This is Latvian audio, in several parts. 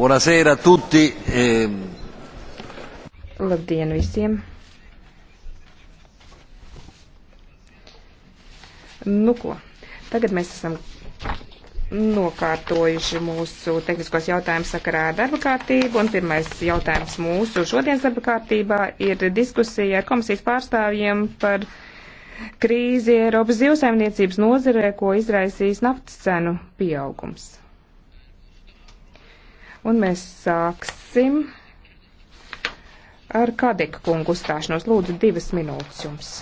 Buonasera a tutti. Ehm. Labdien visiem! Nu ko, tagad mēs esam nokārtojuši mūsu tehniskos jautājumus sakarā ar darba kārtību, un pirmais jautājums mūsu šodienas darba kārtībā ir diskusija ar komisijas pārstāvjiem par krīzi Eiropas zivsaimniecības nozarē, ko izraisīs naftas cenu pieaugums. Un mēs sāksim ar Kadeka kungu uzstāšanos. Lūdzu, divas minūtes jums.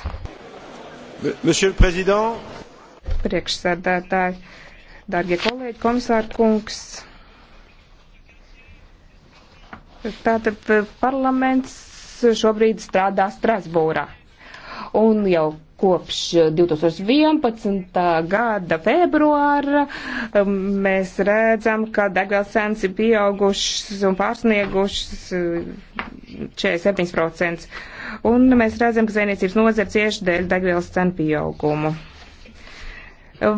Monsieur le Président. Priekšsēdētāji, dārgie kolēģi, komisāra kungs. Tātad eh, parlaments šobrīd strādā Strasbūrā. Un jau Kopš 2011. Eh, gada februāra eh, mēs redzam, ka degvielas cenas ir pieaugušas un pārsniegušas 47%. Eh, un mēs redzam, ka zvejniecības nozara cieši dēļ degvielas cenu pieaugumu.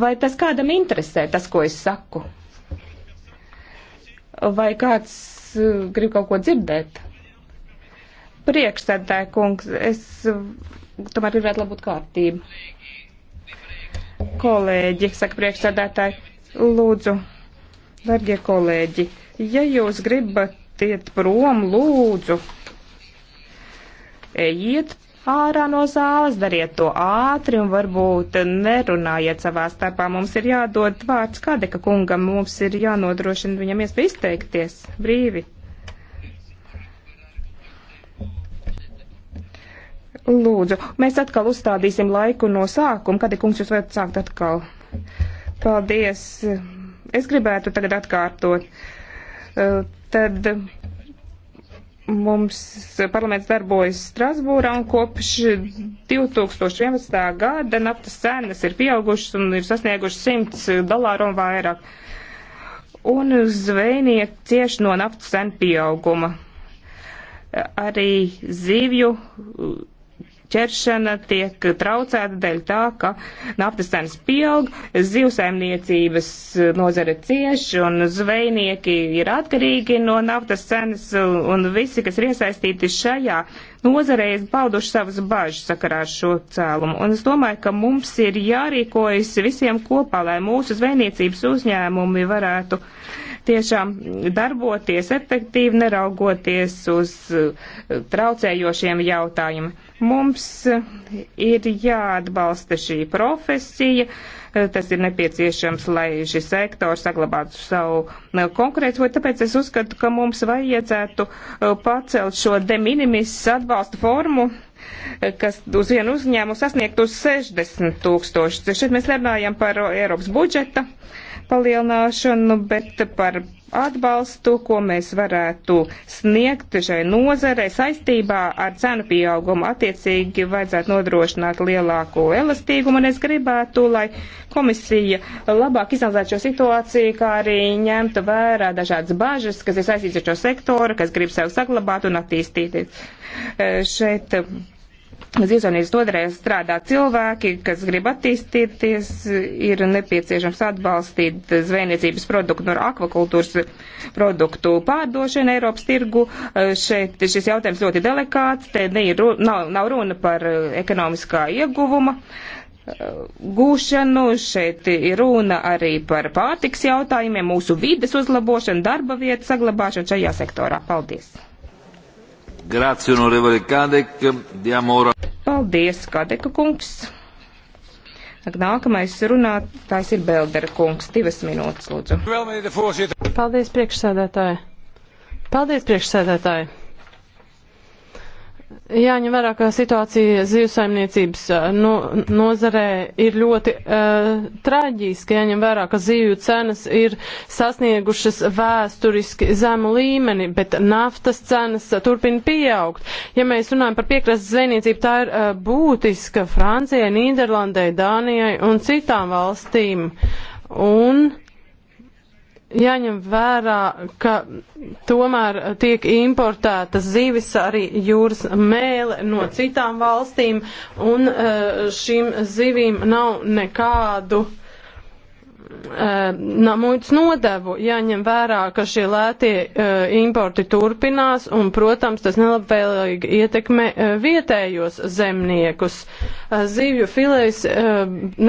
Vai tas kādam interesē, tas, ko es saku? Vai kāds grib kaut ko dzirdēt? Priekšsēdētāj kungs, es tomēr gribētu labot kārtību. Kolēģi, saka priekšsēdētāji, lūdzu, darbie kolēģi, ja jūs gribat iet prom, lūdzu, ejiet ārā no zāles, dariet to ātri un varbūt nerunājiet savā starpā. Mums ir jādod vārds Kadeka kungam, mums ir jānodrošina viņam iespēja izteikties brīvi. Lūdzu, mēs atkal uzstādīsim laiku no sākuma. Kad ir kungs, jūs varat sākt atkal? Paldies. Es gribētu tagad atkārtot. Tad mums parlaments darbojas Strasbūrā un kopš 2011. gada naftas cenas ir pieaugušas un ir sasniegušas 100 dolāru un vairāk. Un zvejnieki cieši no naftas cenu pieauguma. Arī zivju ķeršana tiek traucēta dēļ tā, ka naftas cenas pieaug, zivsaimniecības nozare cieš un zvejnieki ir atkarīgi no naftas cenas un visi, kas ir iesaistīti šajā nozarē, ir pauduši savas bažas sakarā ar šo cēlumu. Un es domāju, ka mums ir jārīkojas visiem kopā, lai mūsu zvejniecības uzņēmumi varētu uh, tiešām darboties efektīvi, neraugoties uz eh, traucējošiem jautājumiem. Mums eh, ir jāatbalsta šī profesija, eh, tas ir nepieciešams, lai šis sektors saglabātu savu konkurētspēju, tāpēc es uzskatu, ka mums vajadzētu pacelt šo de minimis atbalsta formu kas uz vienu uzņēmumu sasniegtu uz 60 tūkstošus. Šeit mēs runājam par Eiropas budžeta uh, palielināšanu, bet par atbalstu, ko mēs varētu sniegt šai nozarei saistībā ar cenu pieaugumu. Attiecīgi vajadzētu nodrošināt lielāko elastīgumu, un es gribētu, lai komisija labāk izanalizētu šo situāciju, kā arī ņemtu vērā dažādas bažas, kas ir saistīts ar šo sektoru, kas grib sev saglabāt un attīstīt. Šeit Zīvsaimniecības nodarē strādā cilvēki, kas grib attīstīties, ir nepieciešams atbalstīt zvejniecības produktu no akvakultūras produktu pārdošanu Eiropas tirgu. Šeit šis jautājums ļoti delikāts, te ir, nav, nav runa par ekonomiskā ieguvuma uh, gūšanu, šeit ir runa arī par pārtiks jautājumiem, mūsu vides uzlabošanu, darba vietu saglabāšanu šajā sektorā. Paldies! Grazie, onorevole Kadek. Diamo ora. Paldies, Kadeka kungs. Nākamais runātājs ir Beldera kungs. Divas minūtes, lūdzu. Paldies, priekšsēdētāji. Paldies, priekšsēdētāji. Jāņem vērā, ka situācija zivsaimniecības eh, no, nozarē ir ļoti uh, traģiska. Jāņem vērā, ka zivju cenas ir sasniegušas vēsturiski zemu līmeni, bet naftas cenas eh, turpina pieaugt. Ja mēs runājam par piekrastes zvejniecību, tā ir uh, būtiska Francijai, Nīderlandai, Dānijai un citām valstīm. Un uh, jāņem vērā, ka tomēr tiek importētas zivis arī jūras mēle no citām valstīm, un eh, šīm zivīm nav nekādu Eh, no muitas nodevu jāņem vērā, ka šie lētie uh, importi turpinās un, protams, tas nelabvēlīgi ietekmē uh, vietējos zemniekus. Uh, zīvju filejas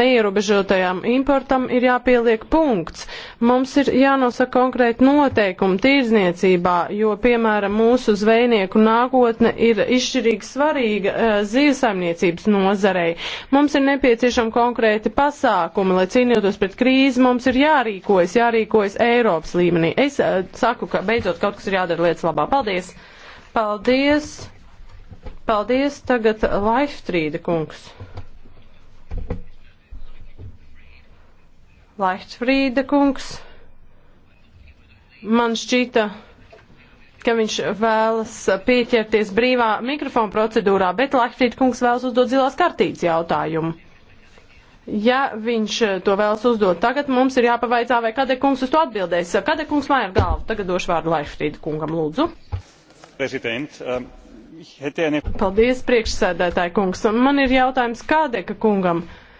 neierobežotajām importam ir jāpieliek punkts. Mums ir jānosaka konkrēti noteikumi tīrzniecībā, jo, piemēram, mūsu zvejnieku nākotne ir izšķirīgi svarīga zīvesaimniecības nozarei. Mums ir nepieciešama konkrēti pasākumi, lai cīnītos pret krīzi drīz mums ir jārīkojas, jārīkojas Eiropas līmenī. Es uh, saku, ka beidzot kaut kas ir jādara lietas labā. Paldies! Paldies! Paldies! Tagad Laihtrīda kungs. Laihtrīda kungs. Man šķita ka viņš vēlas pieķerties brīvā mikrofona procedūrā, bet Lakfrīd kungs vēlas uzdot zilās kartītes jautājumu. Ja viņš eh, to vēlas uzdot tagad, mums ir jāpavaicā, vai Kade kungs uz to atbildēs. Kade kungs lai ar galvu. Tagad došu vārdu Laifrīda kungam, lūdzu. Prezident, um, hetieni... Paldies, priekšsēdētāji kungs. Man ir jautājums Kādeka kungam. Uh,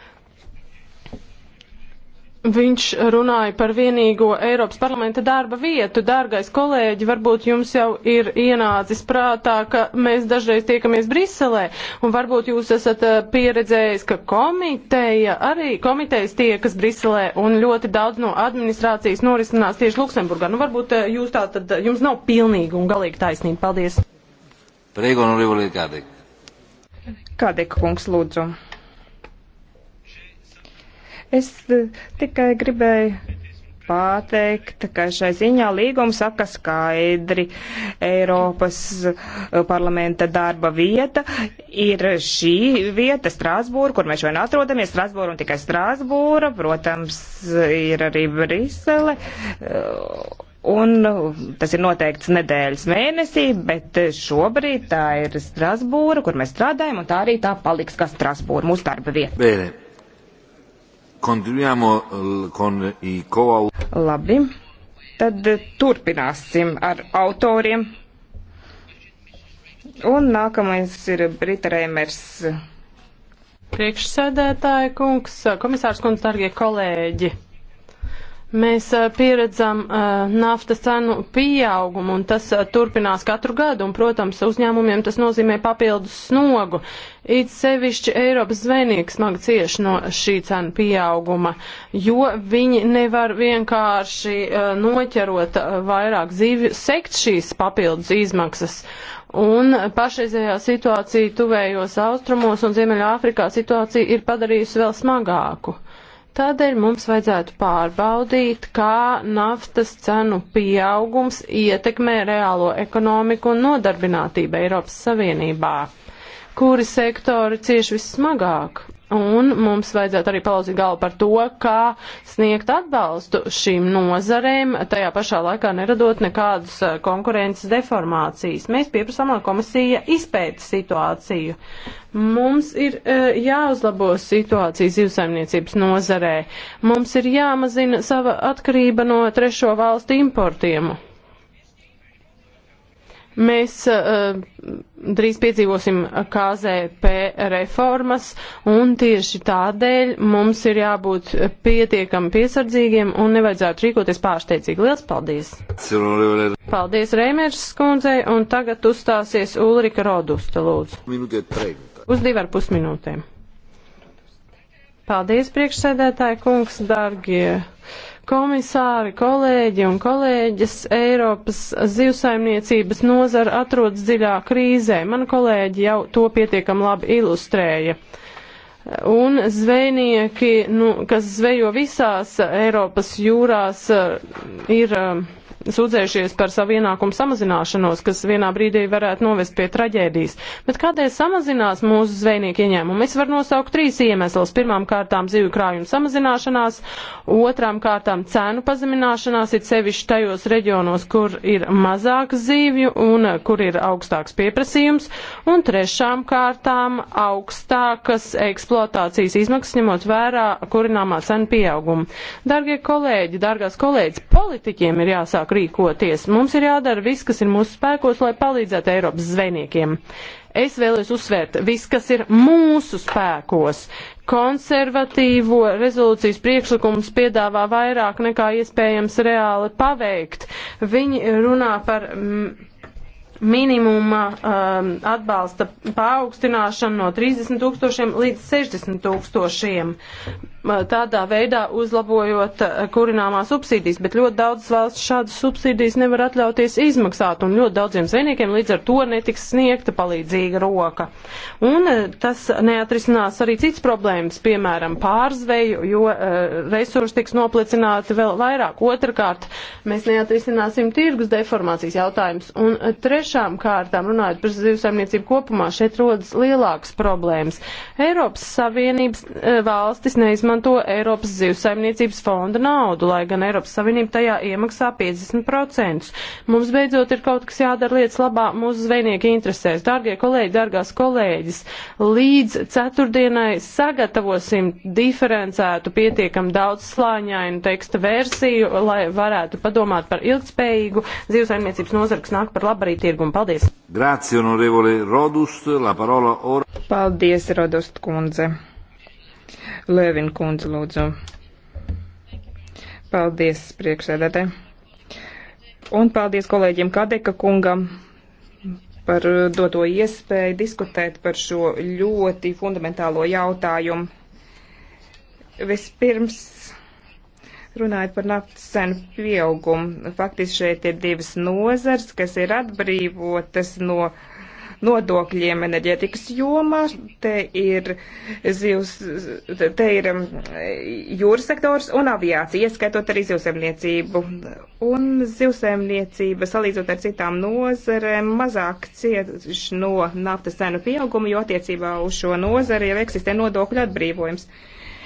Viņš runāja par vienīgo Eiropas parlamenta darba vietu. Dārgais kolēģi, varbūt jums jau ir ienācis prātā, ka mēs dažreiz tiekamies Briselē, un varbūt jūs esat eh, pieredzējis, ka komiteja, arī komitejas tiekas Briselē, un ļoti daudz no administrācijas norisinās tieši Luksemburgā. Nu, varbūt eh, jūs tā tad, eh, jums nav pilnīga un galīga taisnība. Paldies. Priego, nu, Kādeka kungs, lūdzu. Es e, tikai gribēju pateikt, ka šai ziņā līgums saka skaidri Eiropas e, parlamenta darba vieta ir šī vieta Strasbūra, kur mēs šodien atrodamies, Strasbūra un tikai Strasbūra, protams, ir arī Brisele. E, un tas ir noteikts nedēļas mēnesī, bet šobrīd tā ir Strasbūra, kur mēs strādājam, un tā arī tā paliks kā Strasbūra, mūsu darba vieta. Bēne. Continuiamo eh, con i co-autori. Labi, tad turpināsim ar autoriem. Un nākamais ir Brita Reimers. Priekšsēdētāja kungs, komisārs kungs, dargie kolēģi. Mēs pieredzam naftas cenu pieaugumu, un tas turpinās katru gadu, un, protams, uzņēmumiem tas nozīmē papildus snogu. It sevišķi Eiropas zvejnieks smagi cieši no šī cena pieauguma, jo viņi nevar vienkārši noķerot vairāk zīvju, sekt šīs papildus izmaksas. Un pašreizējā situācija tuvējos austrumos un Ziemeļāfrikā situācija ir padarījusi vēl smagāku. Tādēļ mums vajadzētu pārbaudīt, kā naftas cenu pieaugums ietekmē reālo ekonomiku un nodarbinātību Eiropas Savienībā, kuri sektori cieši vissmagāk un mums vajadzētu arī palauzīt galvu par to, kā sniegt atbalstu šīm nozarēm, tajā pašā laikā neradot nekādas eh, konkurences deformācijas. Mēs pieprasām, lai komisija izpēta situāciju. Mums ir uh, jāuzlabo situācija zivsaimniecības nozarē. Mums ir jāmazina sava atkarība no trešo valstu importiem. Mēs uh, drīz piedzīvosim KZP reformas, un tieši tādēļ mums ir jābūt pietiekami piesardzīgiem un nevajadzētu rīkoties pārsteidzīgi. Liels paldies! Paldies Reimers skundzei, un tagad uzstāsies Ulrika Rodusta, lūdzu. Uz divar pusminūtēm. Paldies, priekšsēdētāji kungs, dargie Komisāri, kolēģi un kolēģis, Eiropas zivsaimniecības nozara atrodas dziļā krīzē. Man kolēģi jau to pietiekam labi ilustrēja un zvejnieki, nu, kas zvejo visās Eiropas jūrās, ir um, sūdzējušies par savu ienākumu samazināšanos, kas vienā brīdī varētu novest pie traģēdijas. Bet kādēļ samazinās mūsu zvejnieku ieņēmumi? Es varu nosaukt trīs iemeslus. Pirmām kārtām zivju krājuma samazināšanās, otrām kārtām cenu pazemināšanās, it sevišķi tajos reģionos, kur ir mazāk zivju un eh, kur ir augstāks pieprasījums, un trešām kārtām augstākas eksploatācijas izmaksas, ņemot vērā kurināmā cenu pieaugumu. Dargie kolēģi, dargās kolēģis, politiķiem ir jāsāk efektīvāk rīkoties. Mums ir jādara viss, kas ir mūsu spēkos, lai palīdzētu Eiropas zvejniekiem. Es vēlos uzsvērt, viss, kas ir mūsu spēkos, konservatīvo rezolūcijas priekšlikums piedāvā vairāk nekā iespējams reāli paveikt. Viņi runā par minimuma um, atbalsta paaugstināšanu no 30 tūkstošiem līdz 60 tūkstošiem tādā veidā uzlabojot eh, kurināmās subsīdijas, bet ļoti daudz valsts šādas subsīdijas nevar atļauties izmaksāt, un ļoti daudziem zvejniekiem līdz ar to netiks sniegta palīdzīga roka. Un eh, tas neatrisinās arī cits problēmas, piemēram, pārzveju, jo uh, resursi tiks noplicināti vēl vairāk. Otrakārt, mēs neatrisināsim tirgus deformācijas jautājumus, un trešām kārtām, runājot par zivsaimniecību kopumā, šeit rodas lielākas problēmas. Eiropas Savienības valstis neizmanto izmanto Eiropas zivsaimniecības fonda naudu, lai gan Eiropas Savienība tajā iemaksā 50%. Mums beidzot ir kaut kas jādara lietas labā mūsu zvejnieku interesēs. Dārgie kolēģi, dārgās kolēģis, līdz ceturtdienai sagatavosim diferencētu pietiekam daudz slāņainu teksta versiju, lai varētu padomāt par ilgspējīgu zivsaimniecības nozaru, kas nāk par labu arī tirgumu. Paldies! Grazie, onorevole Rodust, la parola ora. Paldies, Rodust kundze. Lēvina kundze, lūdzu. Paldies priekšsēdētē. Un paldies kolēģiem Kadeka kungam par doto iespēju diskutēt par šo ļoti fundamentālo jautājumu. Vispirms runājot par naftas cenu pieaugumu. Faktiski šeit ir divas nozars, kas ir atbrīvotas no uh, nodokļiem enerģētikas jomā. Te ir, zivs, te ir um, jūras sektors un aviācija, ieskaitot arī zivsēmniecību. Un zivsēmniecība, salīdzot ar citām nozerēm, mazāk cieš no naftas cenu pieauguma, jo attiecībā uz šo nozari jau eksistē nodokļu atbrīvojums.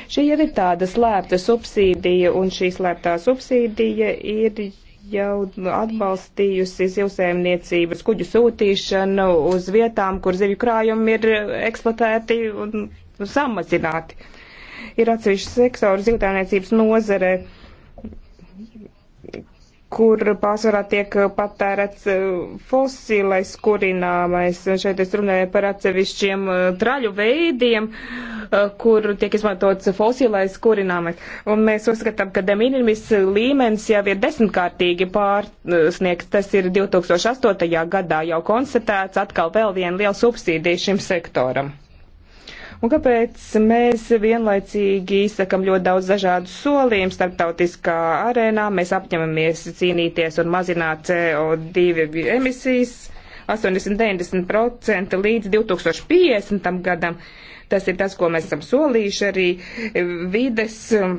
Šī jau ir tāda slēpta subsīdija, un šī slēptā subsīdija ir jau atbalstījusi zivsēmniecības kuģu sūtīšanu uz vietām, kur zivju krājumi ir eksploatēti un samazināti. Ir atsevišķi sektori zivtēmniecības nozare, kur pārsvarā tiek patērēts eh, fosilais kurināmais. Šeit es runāju par atsevišķiem eh, traļu veidiem, eh, kur tiek izmantots fosilais kurināmais. Un mēs uzskatām, ka deminimis līmenis jau ir desmitkārtīgi pārsniegts. Tas ir 2008. gadā jau konstatēts atkal vēl viena liela subsīdija šim sektoram. Un kāpēc mēs vienlaicīgi izsakam ļoti daudz dažādu solījumu starptautiskā arēnā? Mēs apņemamies cīnīties un mazināt CO2 emisijas 80-90% līdz 2050. gadam. Tas ir tas, ko mēs esam solījuši arī vides, um,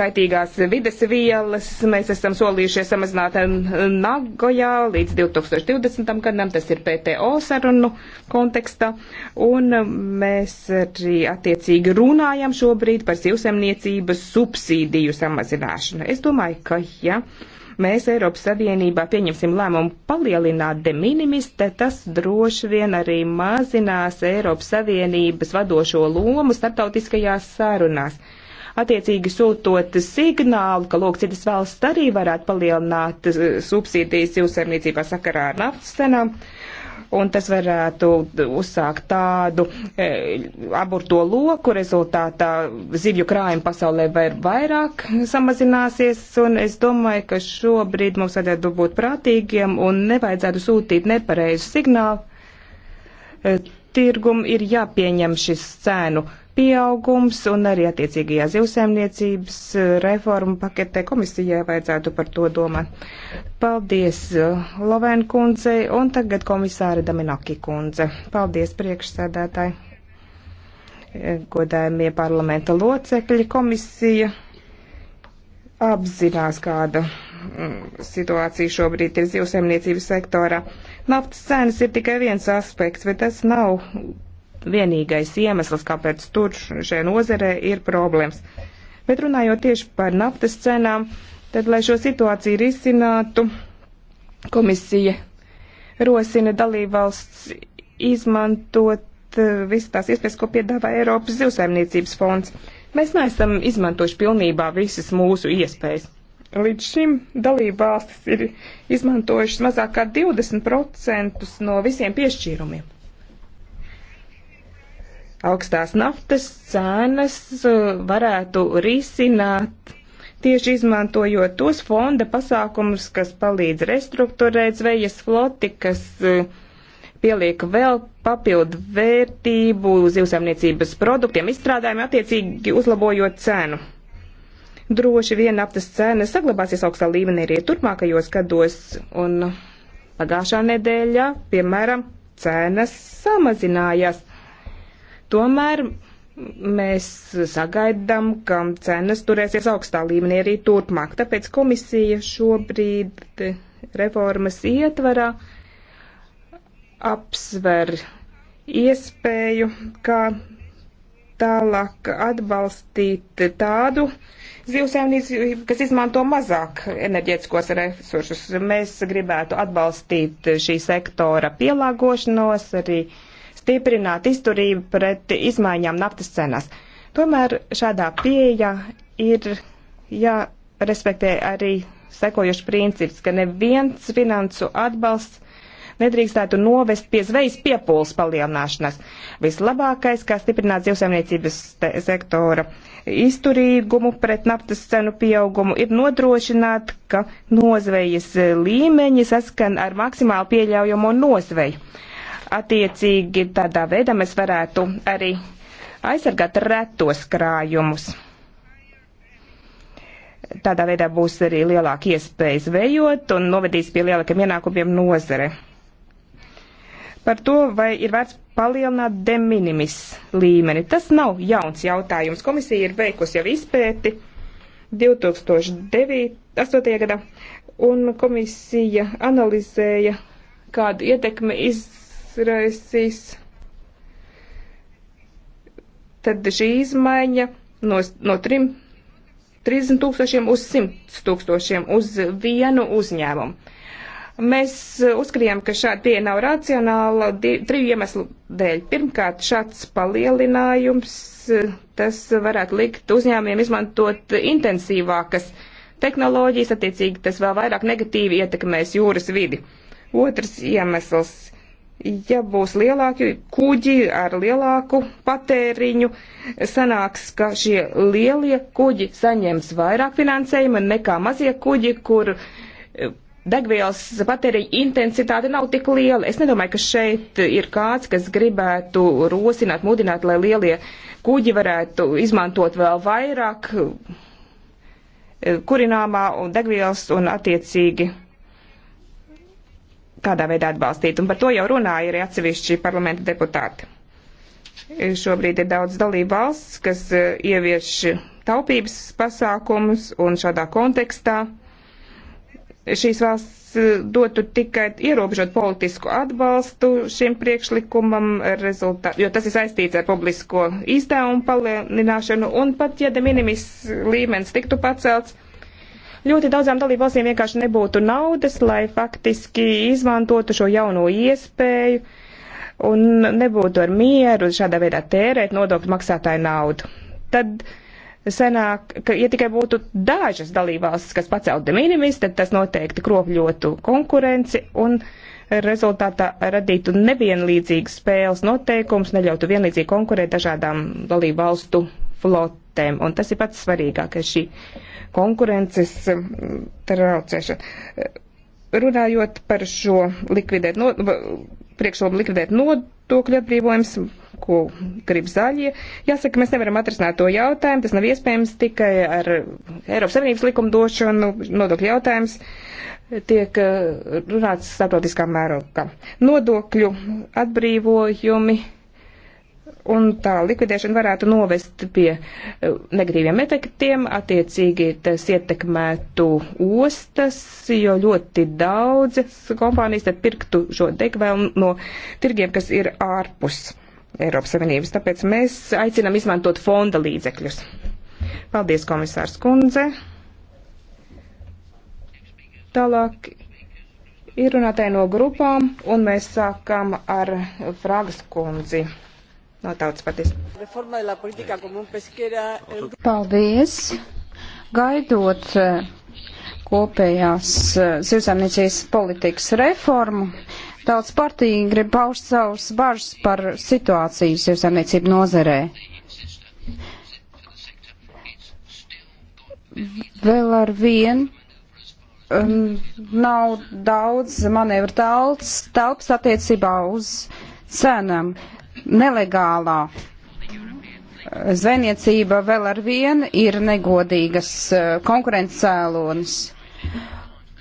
kaitīgās vides vielas. Mēs esam solījušies samazināt Nagojā līdz 2020. gadam, tas ir PTO sarunu kontekstā. Un um, mēs arī attiecīgi runājam šobrīd par zivsemniecības subsīdiju samazināšanu. Es domāju, ka, ja mēs Eiropas Savienībā pieņemsim lēmumu palielināt de minimis, tad tas droši vien arī mazinās Eiropas Savienības vadošo lomu starptautiskajās sarunās. Attiecīgi sūtot signālu, ka lūk, citas valsts arī varētu palielināt eh, subsīdijas jūsarniecībā sakarā ar naftas cenām. Uh, un tas varētu uzsākt tādu e, aburto loku rezultātā zivju krājumi pasaulē var vairāk samazināsies, un es domāju, ka šobrīd mums vajadzētu būt prātīgiem un nevajadzētu sūtīt nepareizu signālu. E, tirgum ir jāpieņem šis cēnu pieaugums un arī attiecīgajā zivsēmniecības eh, reformu paketē komisijai vajadzētu par to domāt. Paldies eh, Lovēn kundze un tagad komisāra Daminaki kundze. Paldies priekšsēdētāji. Eh, godājumie parlamenta locekļi komisija apzinās, kāda mm, situācija šobrīd ir zivsēmniecības sektorā. Naftas cenas ir tikai viens aspekts, bet tas nav vienīgais iemesls, kāpēc tur šajā nozerē ir problēmas. Bet runājot tieši par naftas cenām, tad, lai šo situāciju risinātu, komisija rosina dalībvalsts izmantot eh, visas tās iespējas, ko piedāvā Eiropas zivsaimniecības fonds. Mēs neesam izmantojuši pilnībā visas mūsu iespējas. Līdz šim dalībvalstis ir izmantojušas mazāk kā 20% no visiem piešķīrumiem augstās naftas cenas uh, varētu risināt tieši izmantojot tos fonda pasākumus, kas palīdz restruktūrēt zvejas floti, kas uh, pieliek vēl papildu vērtību zivsaimniecības produktiem, izstrādājumi attiecīgi uzlabojot cenu. Droši vien aptas cena saglabāsies augstā līmenī arī turpmākajos gados, un pagājušā nedēļā, piemēram, cenas samazinājās Tomēr mēs sagaidām, ka cenas turēsies augstā līmenī arī turpmāk. Tāpēc komisija šobrīd reformas ietvarā apsver iespēju, kā tālāk atbalstīt tādu zivsēmniecību, kas izmanto mazāk enerģētiskos resursus. Mēs gribētu atbalstīt šī sektora pielāgošanos, arī uh, stiprināt izturību pret izmaiņām naftas cenās. Tomēr šādā pieeja ir jārespektē arī sekojuši princips, ka neviens finansu atbalsts nedrīkstētu novest pie zvejas piepūles palielināšanas. Vislabākais, kā stiprināt zivsaimniecības sektora izturīgumu pret naftas cenu pieaugumu, ir nodrošināt, ka nozvejas līmeņi saskan ar maksimāli pieļaujamo nozveju. Attiecīgi tādā veidā mēs varētu arī aizsargāt retos krājumus. Tādā veidā būs arī lielāka iespēja zvejot un novedīs pie lielākiem ienākumiem nozare. Par to, vai ir vērts palielināt de minimis līmeni. Tas nav jauns jautājums. Komisija ir veikusi jau izpēti 2008. gadā, un komisija analizēja, kādu ietekmi iz, izraisīs tad šī izmaiņa no, no trim, 30 tūkstošiem uz 100 tūkstošiem uz vienu uzņēmumu. Mēs eh, uzskatījām, ka šāda pieeja nav racionāla triju iemeslu dēļ. Pirmkārt, šāds palielinājums, eh, tas varētu likt uzņēmumiem izmantot intensīvākas tehnoloģijas, attiecīgi tas vēl vairāk negatīvi ietekmēs jūras vidi. Otrs iemesls ja būs lielāki kuģi ar lielāku patēriņu, sanāks, ka šie lielie kuģi saņems vairāk finansējuma nekā mazie kuģi, kur eh, degvielas patēriņa intensitāte nav tik liela. Es nedomāju, ka šeit ir kāds, kas gribētu rosināt, mudināt, lai lielie kuģi varētu izmantot vēl vairāk eh, kurināmā un degvielas un attiecīgi kādā veidā atbalstīt. Un par to jau runāja arī atsevišķi parlamenta deputāti. Šobrīd ir daudz dalību valsts, kas eh, ievieš taupības pasākumus un šādā kontekstā šīs valsts eh, dotu tikai ierobežot politisku atbalstu šim priekšlikumam, rezultā, jo tas ir saistīts ar publisko izdevumu palielināšanu, un pat, ja de minimis līmenis tiktu pacelts, Ļoti daudzām dalībvalstīm vienkārši nebūtu naudas, lai faktiski izmantotu šo jauno iespēju un nebūtu ar mieru šādā veidā tērēt nodokļu maksātāju naudu. Tad senāk, ka, ja tikai būtu dažas dalībvalstis, kas paceltu de minimis, tad tas noteikti kropļotu konkurenci un rezultātā radītu nevienlīdzīgas spēles noteikums, neļautu vienlīdzīgi konkurēt dažādām dalībvalstu flotēm. Un tas ir pats svarīgākais šī konkurences mm, traucēšana. Runājot par šo likvidēt, no, priekšlobu likvidēt nodokļu atbrīvojums, ko grib zaļie, jāsaka, mēs nevaram atrisināt to jautājumu. Tas nav iespējams tikai ar Eiropas Savienības likumdošanu, nodokļu jautājums tiek eh, runāts starptautiskā mērogā. Nodokļu atbrīvojumi un tā likvidēšana varētu novest pie e, negrīviem efektiem, attiecīgi tas ietekmētu ostas, jo ļoti daudzas kompānijas tad pirktu šo degvielu no tirgiem, kas ir ārpus Eiropas Savienības. Tāpēc mēs aicinam izmantot fonda līdzekļus. Paldies, komisārs Kundze. Tālāk ir runātāji no grupām, un mēs sākam ar Fragas kundzi no tautas partijas. Paldies! Gaidot eh, kopējās eh, zivsaimniecības politikas reformu, tautas partija grib paust savus bažas par situāciju zivsaimniecību nozerē. Vēl ar vienu um, nav daudz manevru telpas attiecībā uz cenām. Uh, nelegālā zvejniecība vēl ar vienu ir negodīgas eh, konkurences cēlonis.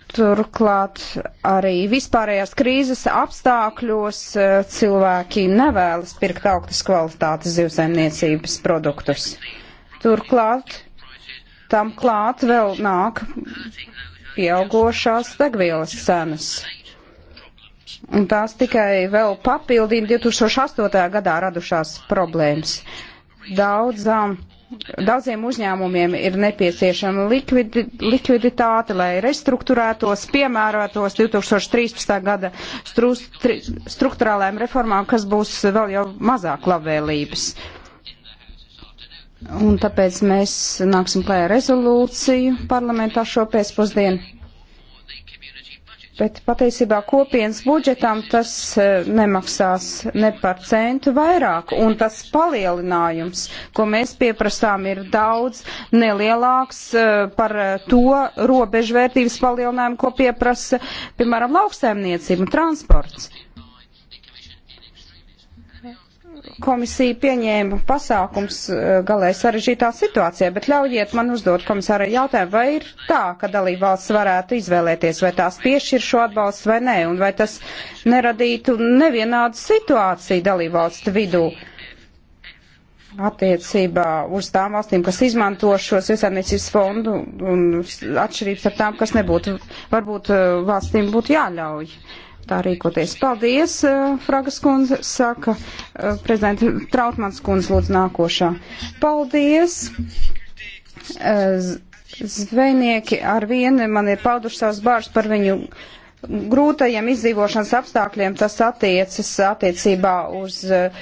Turklāt arī vispārējās krīzes apstākļos eh, cilvēki nevēlas pirkt augstas kvalitātes zivsaimniecības produktus. Turklāt tam klāt vēl nāk pieaugošās degvielas cenas. Un tās tikai vēl papildina 2008. gadā radušās problēmas. Daudzām, daudziem uzņēmumiem ir nepieciešama likvidi, likviditāte, lai restruktūrētos, piemērotos 2013. gada stru, tri, struktūrālajām reformām, kas būs vēl jau mazāk labvēlības. Un tāpēc mēs nāksim klējā rezolūciju parlamentā šo pēcpusdienu Bet patiesībā kopienas budžetam tas e, nemaksās ne par centu vairāk, un tas palielinājums, ko mēs pieprasām, ir daudz nelielāks e, par to robežvērtības palielinājumu, ko pieprasa, piemēram, lauksaimniecība un transports komisija pieņēma pasākums eh, galēji sarežģītā situācijā, bet ļaujiet man uzdot komisāra jautājumu, vai ir tā, ka dalībvalsts varētu izvēlēties, vai tās piešķir šo atbalstu vai nē, un vai tas neradītu nevienādu situāciju dalībvalstu vidū attiecībā uz tām valstīm, kas izmanto šos iesaimniecības fondu un atšķirības ar tām, kas nebūtu, varbūt eh, valstīm būtu jāļauj tā rīkoties. Paldies, eh, Fragas kundze, saka eh, prezidenta Trautmans kundze lūdzu nākošā. Paldies! Eh, z zvejnieki ar vienu man ir pauduši savus bārus par viņu grūtajiem izdzīvošanas apstākļiem tas attiecas attiecībā uz uh,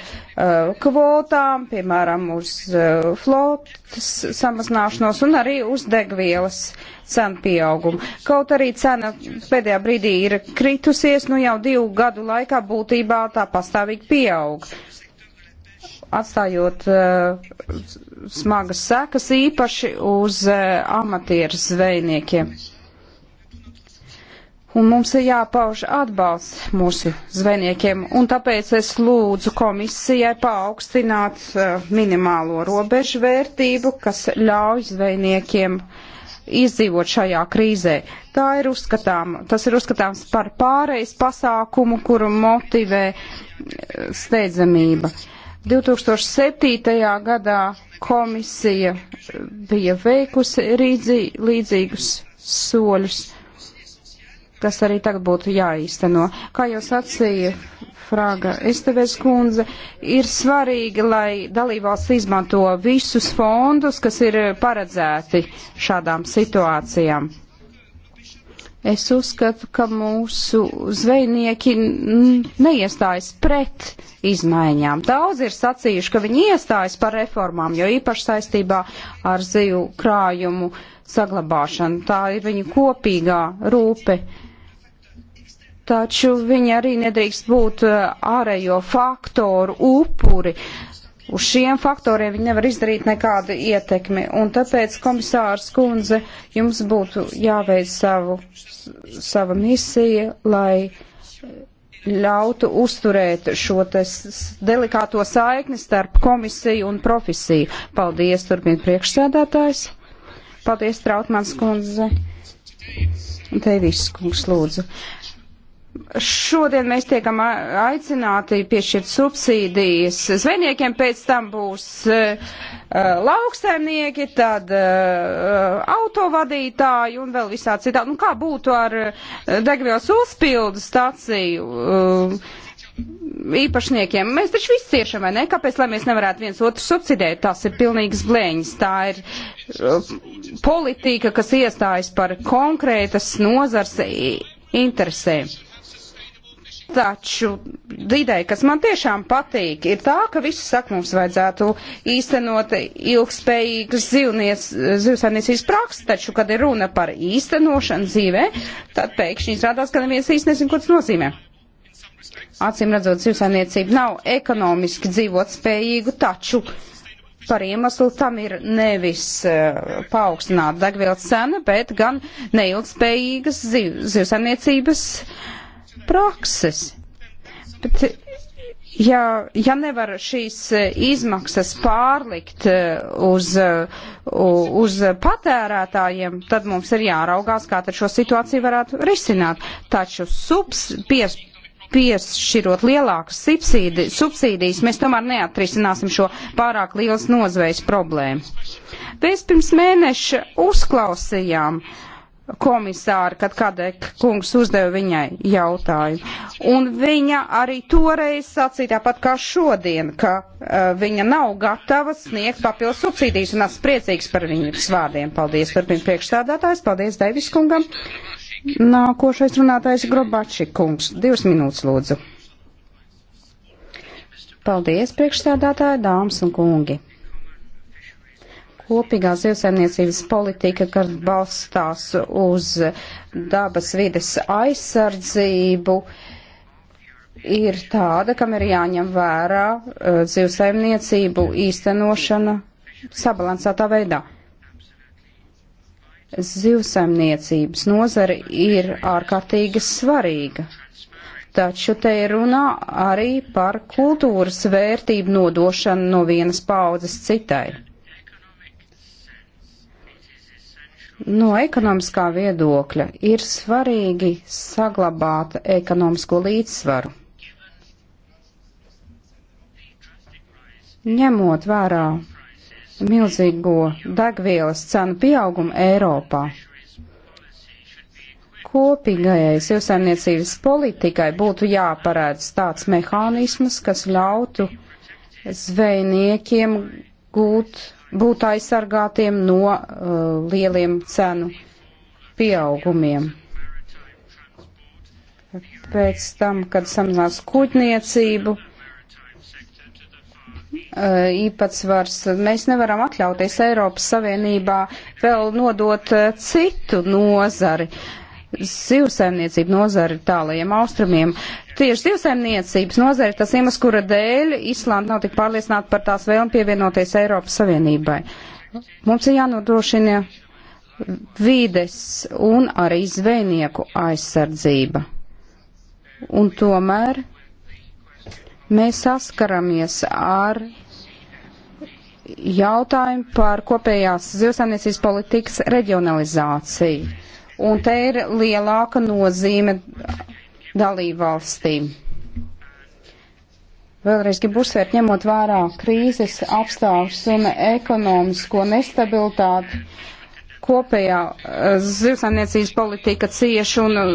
kvotām, piemēram, uz uh, flotas samazināšanos un arī uz degvielas cenu pieaugumu. Kaut arī cena pēdējā brīdī ir kritusies, nu jau divu gadu laikā būtībā tā pastāvīgi pieaug atstājot uh, smagas sekas īpaši uz uh, amatieru zvejniekiem un mums ir jāpauž atbalsts mūsu zvejniekiem, un tāpēc es lūdzu komisijai paaugstināt uh, minimālo robežu vērtību, kas ļauj zvejniekiem izdzīvot šajā krīzē. Tā ir uzskatām, tas ir uzskatāms par pārejas pasākumu, kuru motivē uh, steidzamība. 2007. gadā komisija bija veikusi rīdzī, līdzīgus soļus kas arī tagad būtu jāīsteno. Kā jau sacīja Frāga Esteves kundze, ir svarīgi, lai dalībvalsts izmanto visus fondus, kas ir paredzēti šādām situācijām. Es uzskatu, ka mūsu zvejnieki neiestājas pret izmaiņām. Daudz ir sacījuši, ka viņi iestājas par reformām, jo īpaši saistībā ar ziju krājumu saglabāšanu. Tā ir viņa kopīgā rūpe. Uh, taču viņi arī nedrīkst būt eh, ārējo faktoru upuri. Uz šiem faktoriem viņi nevar izdarīt nekādu ietekmi, un tāpēc, komisārs kundze, jums būtu jāveic savu, sava misija, lai ļautu uzturēt šo delikāto saikni starp komisiju un profesiju. Paldies, turpiniet priekšsēdētājs. Paldies, Trautmans kundze. Un te viss, kungs, lūdzu. Šodien mēs tiekam aicināti piešķirt subsīdijas. Zvejniekiem pēc tam būs uh, lauksaimnieki, tad uh, autovadītāji un vēl visā citā. Nu, kā būtu ar degvielas uzpildu staciju? Uh, īpašniekiem. Mēs taču visi ciešam, vai ne? Kāpēc, lai mēs nevarētu viens otru subsidēt? Tas ir pilnīgs blēņas. Tā ir uh, politika, kas iestājas par konkrētas nozars interesēm. Taču ideja, kas man tiešām patīk, ir tā, ka visi saka, mums vajadzētu īstenot ilgspējīgas zivsainīcības prakses, taču, kad ir runa par īstenošanu dzīvē, tad pēkšņi izrādās, ka neviens īsti nezin, ko tas nozīmē. Acīm redzot, zivsainiecība nav ekonomiski dzīvot spējīgu, taču par iemeslu tam ir nevis uh, eh, paaugstināta degvielas cena, bet gan neilgspējīgas ziv, zivsainiecības uh, prakses. Bet, ja, ja nevar šīs eh, izmaksas pārlikt eh, uz, eh, uz patērētājiem, tad mums ir jāraugās, kā tad šo situāciju varētu risināt. Taču subs, pies, piešķirot lielākas subsīdi, subsīdijas, mēs tomēr neatrisināsim šo pārāk liels nozvejas problēmu. Mēs pirms mēneša uzklausījām uh, komisāri, kad Kadek kungs uzdeva viņai jautājumu. Un viņa arī toreiz sacīja tāpat kā šodien, ka uh, viņa nav gatava sniegt papildus subsīdijas un esmu priecīgs par viņas vārdiem. Paldies, turpin priekšstādātājs, paldies Devis kungam. Nākošais runātājs Grobači kungs. Divas minūtes lūdzu. Paldies, priekšstādātāji, dāmas un kungi. Kopīgā zivsaimniecības politika, kas balstās uz dabas vides aizsardzību, ir tāda, kam ir jāņem vērā uh, zivsaimniecību īstenošana sabalansētā veidā. Zivsaimniecības nozare ir ārkārtīgi svarīga taču te ir runā arī par kultūras vērtību nodošanu no vienas paudzes citai. No ekonomiskā viedokļa ir svarīgi saglabāt ekonomisko līdzsvaru. Ņemot vērā milzīgo degvielas cenu pieaugumu Eiropā, kopīgajai zivsaimniecības politikai būtu jāparēdz tāds mehānisms, kas ļautu zvejniekiem gūt būt aizsargātiem no uh, lieliem cenu pieaugumiem. Pēc tam, kad samazinās kuģniecību, uh, īpatsvars. Mēs nevaram atļauties Eiropas Savienībā vēl nodot uh, citu nozari. Uh, zivsaimniecību nozari tālajiem austrumiem. Tieši zivsaimniecības nozari tas iemesls, kura dēļ Islanda nav tik pārliecināta par tās vēlmu pievienoties Eiropas Savienībai. Mums ir jānodrošina vides un arī zvejnieku aizsardzība. Un tomēr mēs saskaramies ar jautājumu par kopējās zivsaimniecības politikas reģionalizāciju un te ir lielāka nozīme dalību valstīm. Vēlreiz gribu uzsvērt, ņemot vērā krīzes apstākļus un ekonomisko nestabilitāti, kopējā eh, zivsaimniecības politika cieši un eh,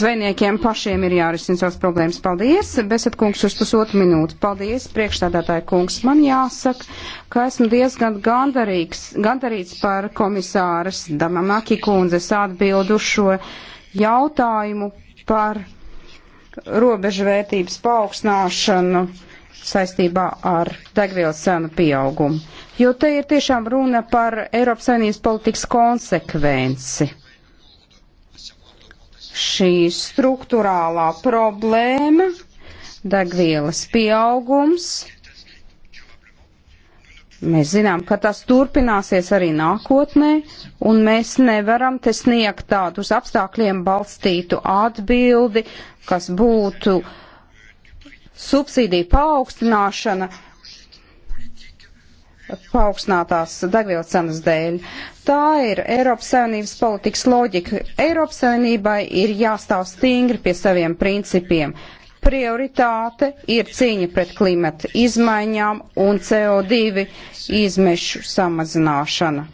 zvejniekiem pašiem ir jārisina savas problēmas. Paldies, Besat kungs, uz pusotru minūtu. Paldies, priekšstādātāja kungs. Man jāsaka, ka esmu diezgan gandarīgs, gandarīts par komisāras Damamaki kundzes atbildu šo jautājumu par robežvērtības paaugstināšanu saistībā ar degvielas cenu pieaugumu. Jo te ir tiešām runa par Eiropas Savienības politikas konsekvenci. Šī struktūrālā problēma, degvielas pieaugums, mēs zinām, ka tas turpināsies arī nākotnē, un mēs nevaram te sniegt tādus apstākļiem balstītu atbildi, kas būtu uh, subsīdija paaugstināšana paaugstinātās degvielas cenas dēļ. Tā ir Eiropas Savienības politikas loģika. Eiropas Savienībai ir jāstāv stingri pie saviem principiem. Prioritāte ir cīņa pret klimata izmaiņām un CO2 izmešu samazināšana.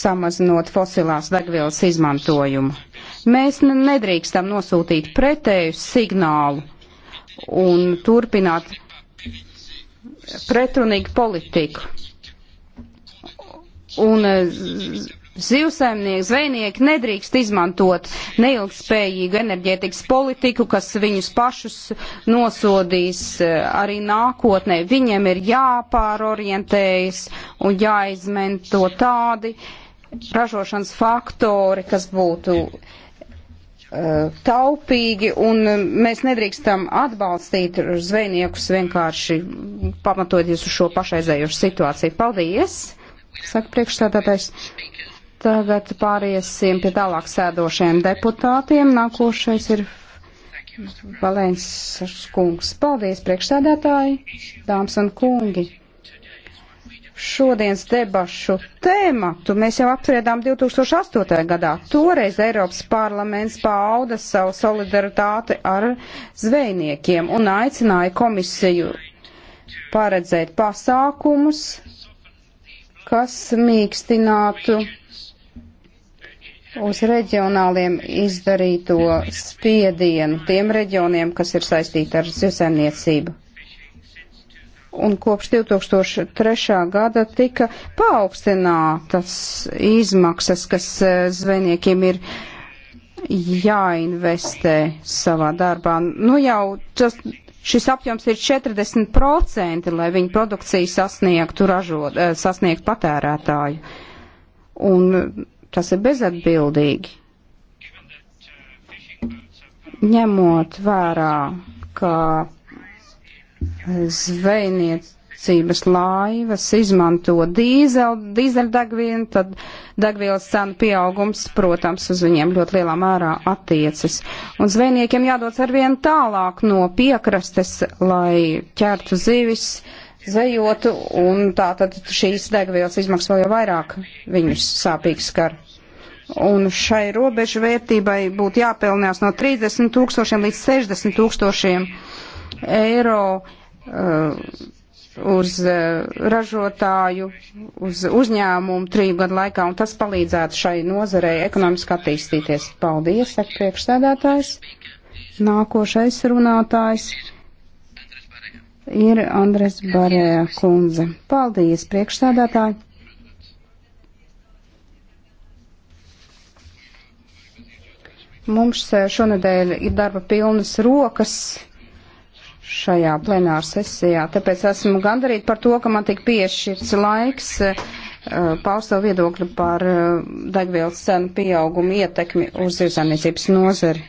Samazinot fosilās degvielas izmantojumu. Mēs nedrīkstam nosūtīt pretēju signālu un turpināt pretrunīgu politiku. Un e, zivsaimnieki, zvejnieki nedrīkst izmantot neilgspējīgu enerģētikas politiku, kas viņus pašus nosodīs e, arī nākotnē. Viņiem ir jāpārorientējas un jāizmanto tādi ražošanas faktori, kas būtu uh, Uh, taupīgi, un um, mēs nedrīkstam atbalstīt zvejniekus vienkārši pamatoties uz šo pašreizējošu situāciju. Paldies, saka priekšstādātais. Tagad pāriesim pie tālāk sēdošiem deputātiem. Nākošais ir Valēns Kungs. Paldies, priekšstādātāji, dāmas un kungi šodienas debašu tēmatu mēs jau apspriedām 2008. gadā. Toreiz Eiropas parlaments pauda savu solidaritāti ar zvejniekiem un aicināja komisiju paredzēt pasākumus, kas mīkstinātu uz reģionāliem izdarīto spiedienu tiem reģioniem, kas ir saistīti ar zivsaimniecību un kopš 2003. gada tika paaugstinātas izmaksas, kas eh, zvejniekiem ir jāinvestē savā darbā. Nu jau tas, šis apjoms ir 40%, lai viņa produkcija sasniegtu, ražot, eh, sasniegtu patērētāju. Un tas ir bezatbildīgi. Ņemot vērā, ka zvejniecības laivas izmanto dīzeļu, dīzeļdegvielu, tad degvielas cenu pieaugums, protams, uz viņiem ļoti lielā mērā attiecas. Un zvejniekiem jādodas arvien tālāk no piekrastes, lai ķertu zivis, zvejotu, un tā tad šīs degvielas izmaksas vēl jau vairāk viņus sāpīgi skar. Un šai robežu vērtībai būtu jāpelnās no 30 tūkstošiem līdz 60 tūkstošiem. 000 eiro uh, uz uh, ražotāju, uz uzņēmumu trīju gadu laikā, un tas palīdzētu šai nozarei ekonomiski attīstīties. Paldies, saka priekšsēdētājs. Nākošais runātājs ir Andres Barēja kundze. Paldies, priekšsēdētāji. Mums eh, šonadēļ ir darba pilnas rokas šajā plenāra sesijā. Tāpēc esmu gandarīta par to, ka man tik piešķirts laiks eh, paust savu viedokli par eh, degvielas cenu pieaugumu ietekmi uz zivsaimniecības nozari.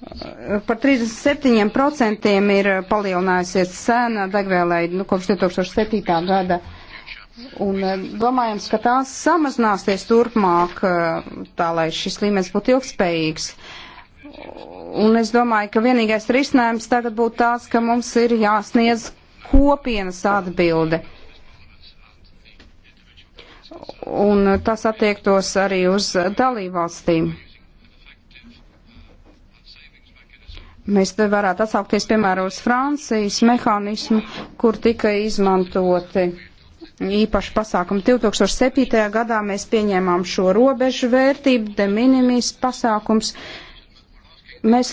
Eh, par 37% ir palielinājusies cena degvielai nu, kopš 2007. gada. Un domājams, ka tās samazināsies turpmāk, tā lai šis līmenis būtu ilgspējīgs Un es domāju, ka vienīgais risinājums tagad būtu tāds, ka mums ir jāsniedz kopienas atbilde. Un tas attiektos arī uz dalībvalstīm. Mēs te varētu atsaukties, piemēram, uz Francijas mehānismu, kur tika izmantoti īpaši pasākumi. 2007. gadā mēs pieņēmām šo robežu vērtību, de minimis pasākums. Uh, Mēs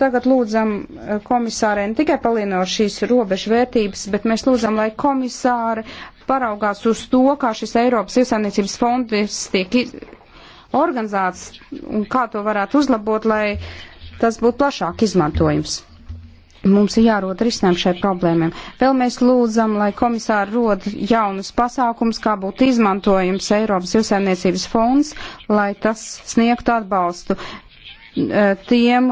tagad lūdzam eh, komisārē ne tikai palienot šīs robežu vērtības, bet mēs lūdzam, lai komisāri paraugās uz to, kā šis Eiropas iesaimniecības fonds tiek organizēts un kā to varētu uzlabot, lai tas būtu plašāk izmantojums. Mums ir jārod risinājumi šai problēmai. Vēl mēs lūdzam, lai komisāri rod jaunus pasākums, kā būtu izmantojums Eiropas Jūsēmniecības fonds, lai tas sniegtu atbalstu tiem,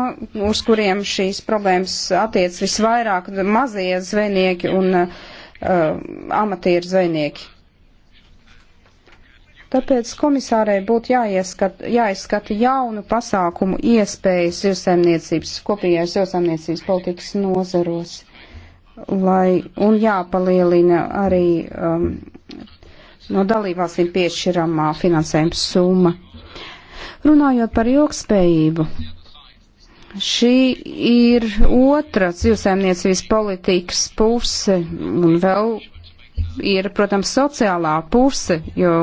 uz kuriem šīs problēmas attiec visvairāk mazie zvejnieki un uh, amatieru zvejnieki. Tāpēc komisārai būtu jāieskata, jāizskata jaunu pasākumu iespējas zivsaimniecības, kopējās zivsaimniecības politikas nozaros, lai, un jāpalielina arī um, no dalībvalstīm piešķiramā finansējuma summa. Runājot par ilgspējību, šī ir otra dzīvsēmniecības politikas puse un vēl ir, protams, sociālā puse, jo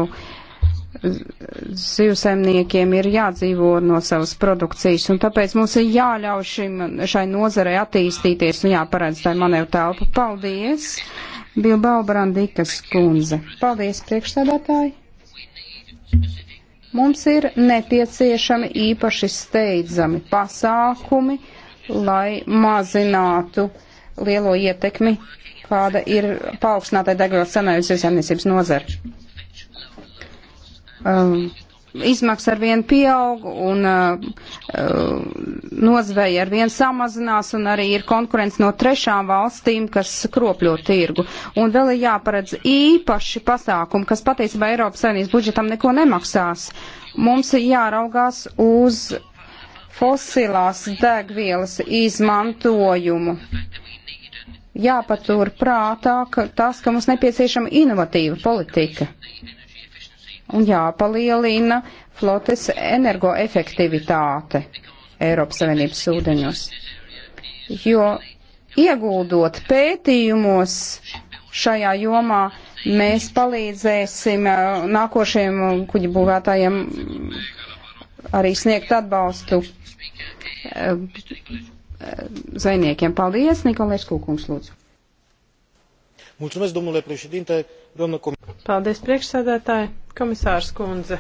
zivsaimniekiem ir jādzīvo no savas produkcijas, un tāpēc mums ir jāļauj šim, šai nozarei attīstīties un jāparedz tai manevu telpu. Paldies, Bilbao Brandikas kundze. Paldies, priekšstādātāji. Mums ir nepieciešami īpaši steidzami pasākumi, lai mazinātu lielo ietekmi, kāda ir paaugstinātai degvielas cenai uz zemniecības nozari. Um, izmaksas ar vienu pieaug un uh, uh nozveja ar vienu samazinās un arī ir konkurence no trešām valstīm, kas kropļo tirgu. Un vēl ir jāparedz īpaši pasākumi, kas patiesībā Eiropas Savienības budžetam neko nemaksās. Mums ir jāraugās uz fosilās degvielas izmantojumu. Jāpatur prātā, ka tas, ka mums nepieciešama inovatīva politika un jāpalielina flotes energoefektivitāte Eiropas Savienības ūdeņos. Jo ieguldot pētījumos šajā jomā, mēs palīdzēsim uh, nākošajiem kuģi būvētājiem arī sniegt atbalstu uh, uh, zvejniekiem. Paldies, Nikolais Kūkums, lūdzu. Mulțumesc, domnule președinte, doamnă komisār. Paldies, priekšsēdētāji, komisārs kundze.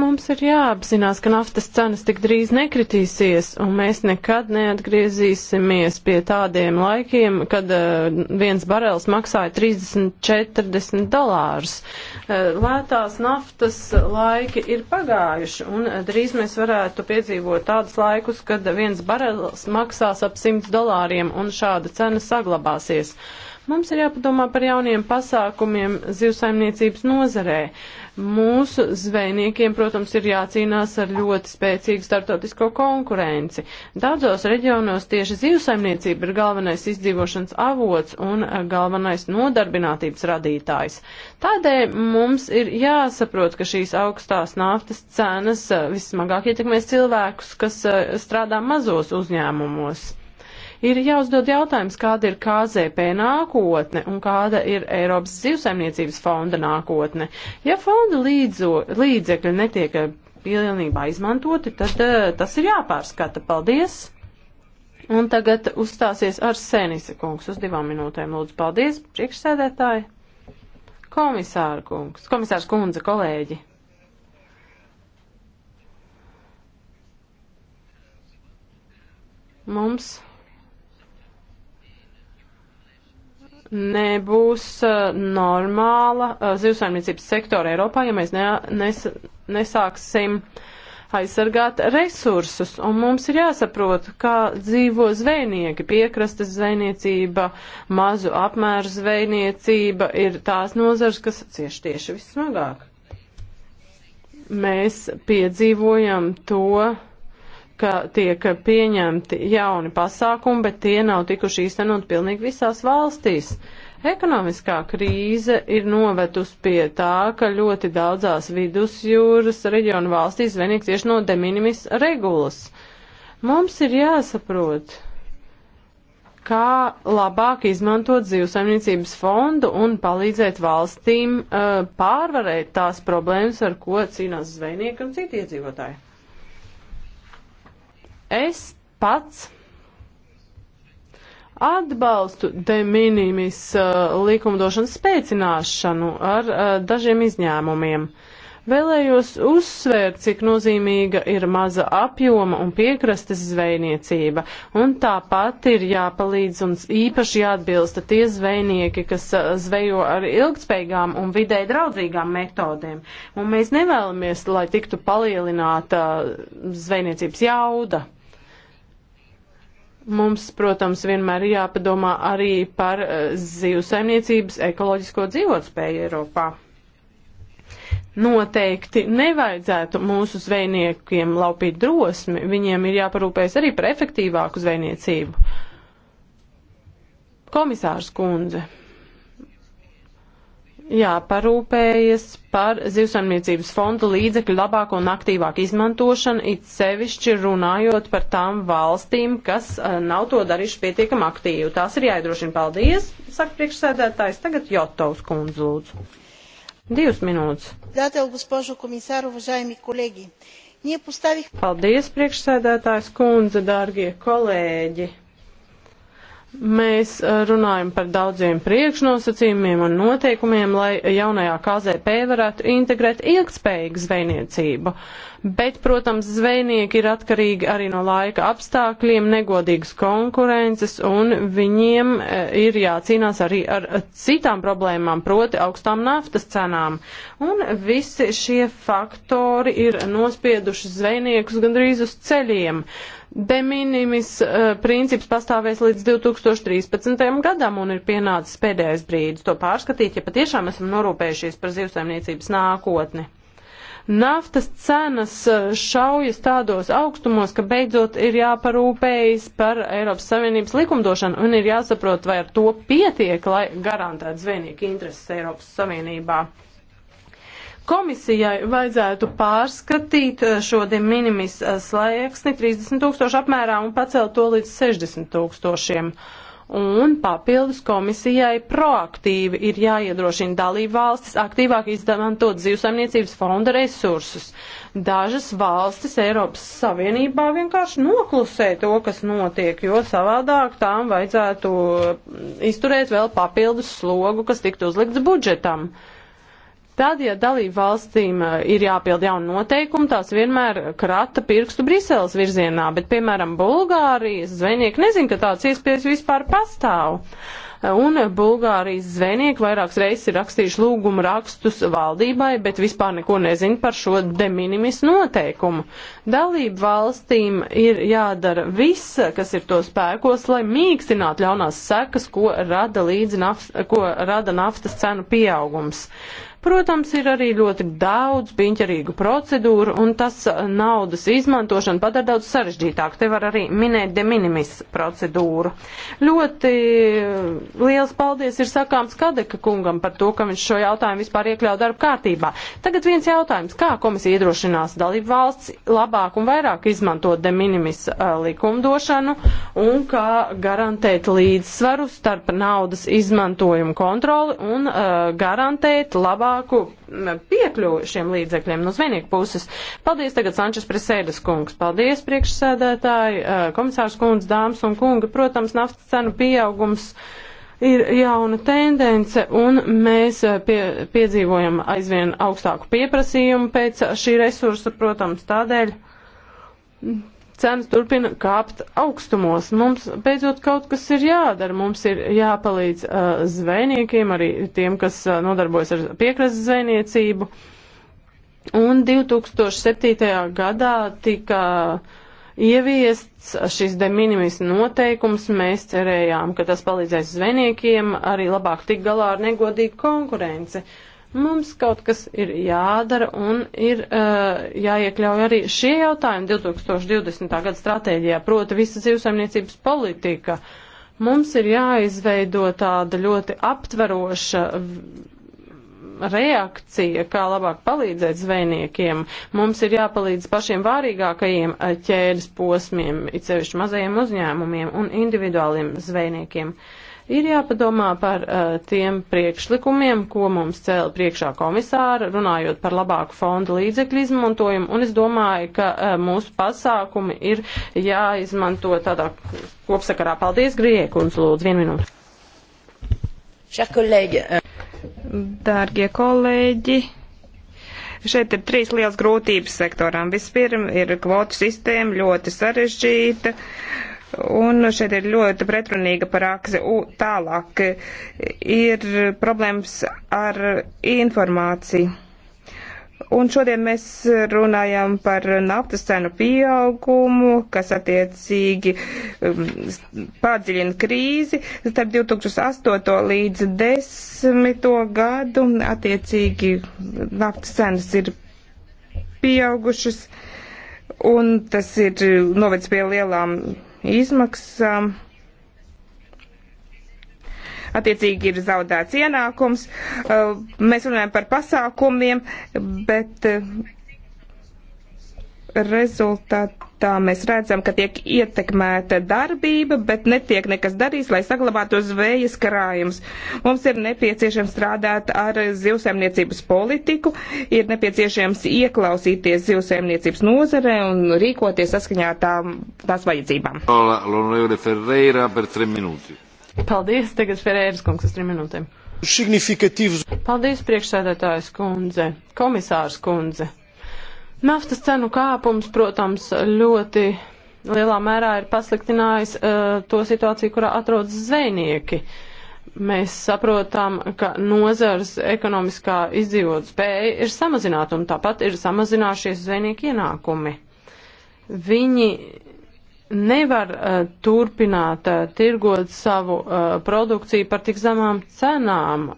Mums ir jāapzinās, ka naftas cenas tik drīz nekritīsies, un mēs nekad neatgriezīsimies pie tādiem laikiem, kad uh, viens barels maksāja 30-40 dolārus. Uh, lētās naftas laiki ir pagājuši, un uh, drīz mēs varētu piedzīvot tādus laikus, kad viens barels maksās ap 100 dolāriem, un šāda cena saglabāsies. Uh, Mums ir jāpadomā par jauniem pasākumiem zivsaimniecības nozarē. Mūsu zvejniekiem, protams, ir jācīnās ar ļoti spēcīgu startautisko konkurenci. Daudzos reģionos tieši zivsaimniecība ir galvenais izdzīvošanas avots un galvenais nodarbinātības radītājs. Tādēļ mums ir jāsaprot, ka šīs augstās naftas cenas vismagāk ietekmēs cilvēkus, kas eh, strādā mazos uzņēmumos. Ir jāuzdod jautājums, kāda ir KZP nākotne un kāda ir Eiropas zivsaimniecības fonda nākotne. Ja fonda līdzo, līdzekļi netiek eh, pilnībā izmantoti, tad uh, tas ir jāpārskata. Paldies! Un tagad uzstāsies ar Sēnisa kungs uz divām minūtēm. Lūdzu, paldies, priekšsēdētāji. Komisāra kungs, komisārs kundze, kolēģi. Mums nebūs uh, normāla uh, zivsaimniecības sektora Eiropā, ja mēs ne, nes, nesāksim aizsargāt resursus. Un mums ir jāsaprot, kā dzīvo zvejnieki. Piekrastes zvejniecība, mazu apmēru zvejniecība ir tās nozars, kas cieš tieši vissmagāk. Mēs piedzīvojam to, ka tiek pieņemti jauni pasākumi, bet tie nav tikuši īstenot pilnīgi visās valstīs. Ekonomiskā krīze ir novetus pie tā, ka ļoti daudzās vidusjūras reģionu valstīs vienīgi tieši no deminimis regulas. Mums ir jāsaprot, kā labāk izmantot dzīvesaimniecības fondu un palīdzēt valstīm uh, pārvarēt tās problēmas, ar ko cīnās zvejnieki un citi iedzīvotāji. Es pats atbalstu de minimis uh, likumdošanas spēcināšanu ar uh, dažiem izņēmumiem. Vēlējos uzsvērt, cik nozīmīga ir maza apjoma un piekrastes zvejniecība, un tāpat ir jāpalīdz un īpaši jāatbilsta tie zvejnieki, kas uh, zvejo ar ilgspējīgām un vidē draudzīgām metodēm. Un mēs nevēlamies, lai tiktu palielināta uh, zvejniecības jauda. Mums, protams, vienmēr ir jāpadomā arī par eh, zivu saimniecības ekoloģisko dzīvotspēju Eiropā. Noteikti nevajadzētu mūsu zvejniekiem laupīt drosmi, viņiem ir jāparūpējas arī par efektīvāku zvejniecību. Komisārs kundze jāparūpējas par zivsaimniecības fondu līdzekļu labāko un aktīvāku izmantošanu, it sevišķi runājot par tām valstīm, kas uh, nav to darījuši pietiekam aktīvi. Tās ir jāiedrošina. Paldies, saka priekšsēdētājs. Tagad Jotovs kundz lūdzu. Divas minūtes. Paldies, priekšsēdētājs kundze, dārgie kolēģi. Mēs eh, runājam par daudziem priekšnosacījumiem un noteikumiem, lai jaunajā KZP varētu integrēt ilgspējīgu zvejniecību. Bet, protams, zvejnieki ir atkarīgi arī no laika apstākļiem, negodīgas konkurences, un viņiem eh, ir jācīnās arī ar citām problēmām, proti augstām naftas cenām. Un visi šie faktori ir nospieduši zvejniekus gandrīz uz ceļiem. Uh, De minimis uh, princips pastāvēs līdz 2013. gadam un ir pienācis pēdējais brīdis to pārskatīt, ja patiešām esam norūpējušies par zivsaimniecības nākotni. Naftas cenas eh, šaujas tādos augstumos, ka beidzot ir jāparūpējas par Eiropas Savienības likumdošanu un ir jāsaprot, vai ar to pietiek, lai garantētu zvejnieku intereses Eiropas Savienībā. Komisijai vajadzētu pārskatīt eh, šo diminimis eh, slēgsni 30 tūkstošu apmērā un pacelt to līdz 60 tūkstošiem. Un papildus komisijai proaktīvi ir jāiedrošina dalību valstis aktīvāk izmantot dzīvesaimniecības fonda resursus. Dažas valstis Eiropas Savienībā vienkārši noklusē to, kas notiek, jo savādāk tām vajadzētu eh, izturēt vēl papildus slogu, kas tiktu uzlikts budžetam. Uh, Tad, ja dalību valstīm eh, ir jāpild jauni noteikumi, tās vienmēr krata pirkstu Briseles virzienā, bet, piemēram, Bulgārijas zvejnieki nezin, ka tāds iespējas vispār pastāv. Eh, un Bulgārijas zvejnieki vairākas reizes ir rakstījuši lūgumu rakstus valdībai, bet vispār neko nezin par šo de minimis noteikumu. Dalību valstīm ir jādara viss, kas ir to spēkos, lai mīkstinātu ļaunās sekas, ko rada, naft, ko rada naftas cenu pieaugums Protams, ir arī ļoti daudz piņķerīgu procedūru, un tas eh, naudas izmantošana padara daudz sarežģītāk. Te var arī minēt de minimis procedūru. Ļoti eh, liels paldies ir sakāms Kadeka kungam par to, ka viņš šo jautājumu vispār iekļauj darba kārtībā. Tagad viens jautājums, kā komisija iedrošinās dalību valsts labāk un vairāk izmantot de minimis uh, likumdošanu un kā garantēt līdzsvaru starp naudas izmantojumu kontroli un uh, garantēt labāk labāku piekļuvu šiem līdzekļiem no zvejnieku puses. Paldies tagad Sančes Presēdas kungs. Paldies priekšsēdētāji, komisārs kundz, dāmas un kungi. Protams, naftas cenu pieaugums ir jauna tendence, un mēs pie, piedzīvojam aizvien augstāku pieprasījumu pēc šī resursa, protams, tādēļ cenas turpina kāpt augstumos. Mums beidzot kaut kas ir jādara. Mums ir jāpalīdz uh, zvejniekiem, arī tiem, kas uh, nodarbojas ar piekrastes zvejniecību. Un 2007. gadā tika ieviests šis de minimis noteikums. Mēs cerējām, ka tas palīdzēs zvejniekiem arī labāk tik galā ar negodīgu konkurenci. Uh, Mums kaut kas ir jādara un ir uh, jāiekļauj arī šie jautājumi 2020. gada stratēģijā, proti visa dzīvesaimniecības politika. Mums ir jāizveido tāda ļoti aptveroša reakcija, kā labāk palīdzēt zvejniekiem. Mums ir jāpalīdz pašiem vārīgākajiem eh, ķēdes posmiem, it sevišķi mazajiem uzņēmumiem un individuāliem zvejniekiem. Uh, Ir jāpadomā par uh, tiem priekšlikumiem, ko mums cēla priekšā komisāra, runājot par labāku fondu līdzekļu izmantojumu, un es domāju, ka uh, mūsu pasākumi ir jāizmanto tādā kopsakarā. Paldies, Griekums, lūdzu, vienu minūti. Eh, Dārgie kolēģi, Šeit ir trīs liels grūtības sektoram. Vispirms ir kvotu sistēma ļoti sarežģīta Un šeit ir ļoti pretrunīga prakse. Tālāk ir problēmas ar informāciju. Un šodien mēs runājam par naftas cenu pieaugumu, kas attiecīgi um, padziļina krīzi. Starp 2008. līdz 2010. gadu attiecīgi naftas cenas ir pieaugušas, un tas ir novedis pie lielām izmaksām. Attiecīgi ir zaudēts ienākums. Uh, mēs runājam par pasākumiem, bet uh, rezultāti tā mēs redzam, ka tiek ietekmēta darbība, bet netiek nekas darīts, lai saglabātu zvejas krājumus. Mums ir nepieciešams strādāt ar zivsaimniecības politiku, ir nepieciešams ieklausīties zivsaimniecības nozarē un rīkoties saskaņā tām, tās vajadzībām. Paldies, tagad Ferēras kungs uz trim minūtēm. Paldies, priekšsēdētājs kundze, komisārs kundze. Naftas cenu kāpums, protams, ļoti lielā mērā ir pasliktinājis uh, to situāciju, kurā atrodas zvejnieki. Mēs saprotam, ka nozars ekonomiskā izdzīvot spēja ir samazināta un tāpat ir samazinājušies zvejnieku ienākumi. Viņi nevar uh, turpināt uh, tirgot savu uh, produkciju par tik zemām cenām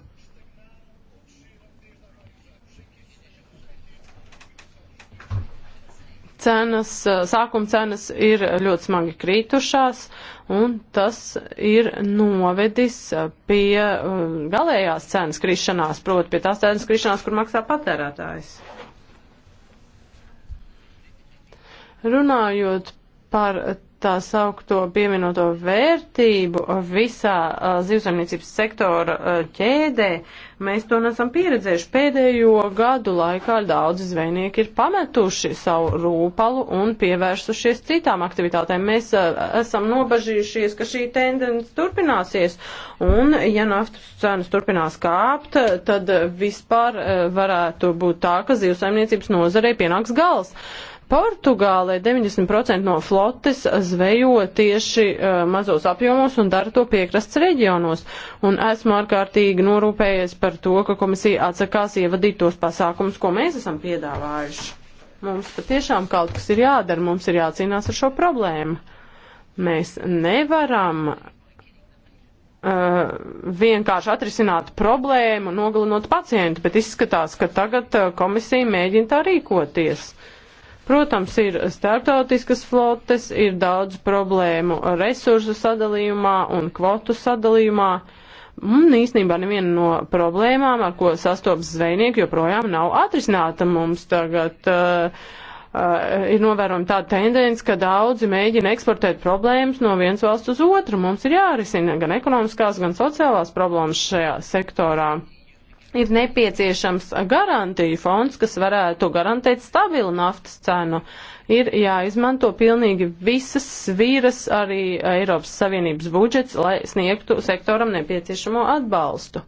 cenas, sākuma cenas ir ļoti smagi krītušās, un tas ir novedis pie galējās cenas krišanās, proti pie tās cenas krišanās, kur maksā patērētājs. Runājot par tā saukto pieminoto vērtību visā uh, zivsaimniecības sektora uh, ķēdē, mēs to nesam pieredzējuši. Pēdējo gadu laikā daudzi zvejnieki ir pametuši savu rūpalu un pievērsušies citām aktivitātēm. Mēs uh, esam nobažījušies, ka šī tendence turpināsies, un ja naftas cenas turpinās kāpt, tad vispār uh, varētu būt tā, ka zivsaimniecības nozarei pienāks gals. Uh, Portugālē 90% no flotes zvejo tieši uh, mazos apjomos un dara to piekrasts reģionos. Un esmu ārkārtīgi norūpējies par to, ka komisija atsakās ievadīt tos pasākumus, ko mēs esam piedāvājuši. Mums patiešām kaut kas ir jādara, mums ir jācīnās ar šo problēmu. Mēs nevaram Uh, vienkārši atrisināt problēmu, nogalinot pacientu, bet izskatās, ka tagad uh, komisija mēģina tā rīkoties. Uh, Protams, ir starptautiskas flotes, ir daudz problēmu resursu sadalījumā un kvotu sadalījumā. Un īstenībā neviena no problēmām, ar ko sastopas zvejnieki, joprojām nav atrisināta mums tagad. Uh, Uh, ir novērojama tāda tendence, ka daudzi mēģina eksportēt problēmas no vienas valsts uz otru. Mums ir jārisina gan ekonomiskās, gan sociālās problēmas šajā sektorā ir nepieciešams garantiju fonds, kas varētu garantēt stabilu naftas cenu. Ir jāizmanto pilnīgi visas sviras arī Eiropas Savienības budžets, lai sniegtu sektoram nepieciešamo atbalstu.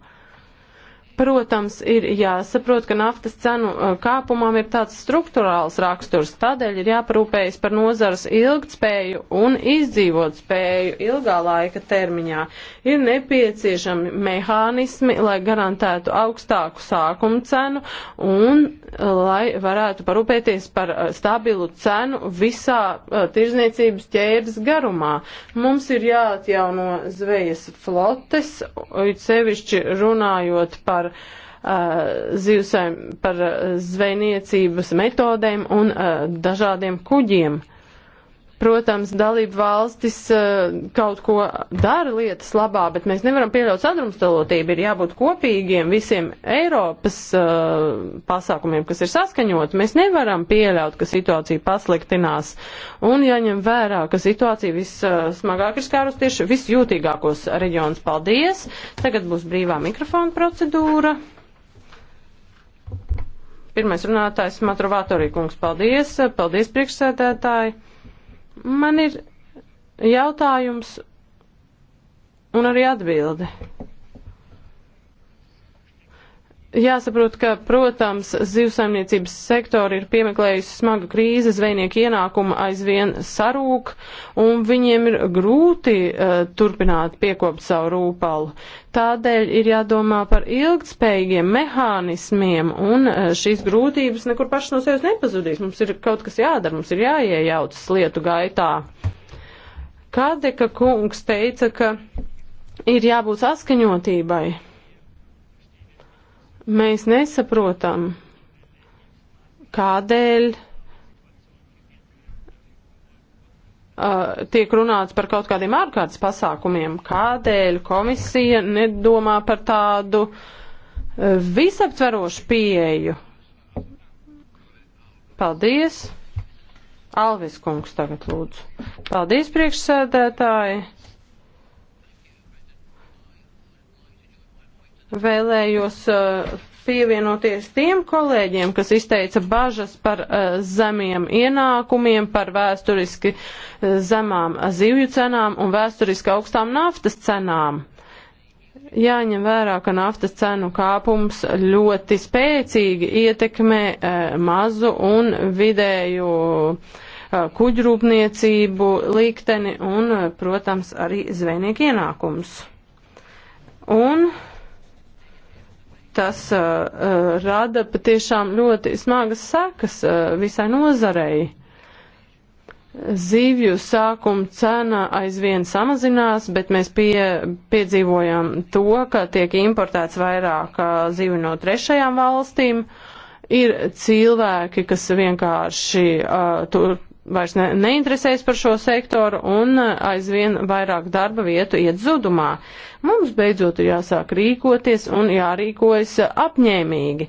Protams, ir jāsaprot, ka naftas cenu uh, kāpumam ir tāds struktūrāls raksturs, tādēļ ir jāparūpējas par nozaras ilgtspēju un izdzīvot spēju ilgā laika termiņā. Ir nepieciešami mehānismi, lai garantētu augstāku sākumu cenu un lai varētu parūpēties par uh, stabilu cenu visā uh, tirzniecības ķēdes garumā. Mums ir jāatjauno zvejas flotes, sevišķi runājot par, uh, zivsaim, par uh, zvejniecības metodēm un uh, dažādiem kuģiem. Uh, Protams, dalību valstis eh, kaut ko dara lietas labā, bet mēs nevaram pieļaut sadrumstalotību. Ir jābūt kopīgiem visiem Eiropas eh, pasākumiem, kas ir saskaņot. Mēs nevaram pieļaut, ka situācija pasliktinās. Un jāņem vērā, ka situācija vissmagāk ir skārus tieši visjūtīgākos reģionus. Paldies! Tagad būs brīvā mikrofona procedūra. Pirmais runātājs Matrovātorī kungs, paldies, paldies priekšsēdētāji. Man ir jautājums un arī atbilde. Jāsaprot, ka, protams, zivsaimniecības sektori ir piemeklējusi smagu krīzi, zvejnieku ienākumu aizvien sarūk, un viņiem ir grūti uh, turpināt piekopt savu rūpalu. Tādēļ ir jādomā par ilgtspējīgiem mehānismiem, un uh, šīs grūtības nekur pašas no sevis nepazudīs. Mums ir kaut kas jādara, mums ir jāiejaucas lietu gaitā. Kādeka kungs teica, ka ir jābūt saskaņotībai Mēs nesaprotam, kādēļ tiek runāts par kaut kādiem ārkārtas pasākumiem, kādēļ komisija nedomā par tādu visaptverošu pieeju. Paldies! Alvis kungs tagad lūdzu. Paldies, priekšsēdētāji! vēlējos uh, pievienoties tiem kolēģiem, kas izteica bažas par uh, zemiem ienākumiem, par vēsturiski uh, zemām uh, zivju cenām un vēsturiski augstām naftas cenām. Jāņem vērā, ka naftas cenu kāpums ļoti spēcīgi ietekmē uh, mazu un vidēju uh, kuģrūpniecību likteni un, uh, protams, arī zvejnieku ienākums. Un uh, tas uh, uh, rada patiešām ļoti smagas sekas uh, visai nozarei. Zīvju sākuma cena aizvien samazinās, bet mēs pie, piedzīvojam to, ka tiek importēts vairāk uh, zīvju no trešajām valstīm. Ir cilvēki, kas vienkārši uh, tur vairs ne, neinteresējas par šo sektoru un uh, aizvien vairāk darba vietu iet zudumā. Mums beidzot ir jāsāk rīkoties un jārīkojas uh, apņēmīgi.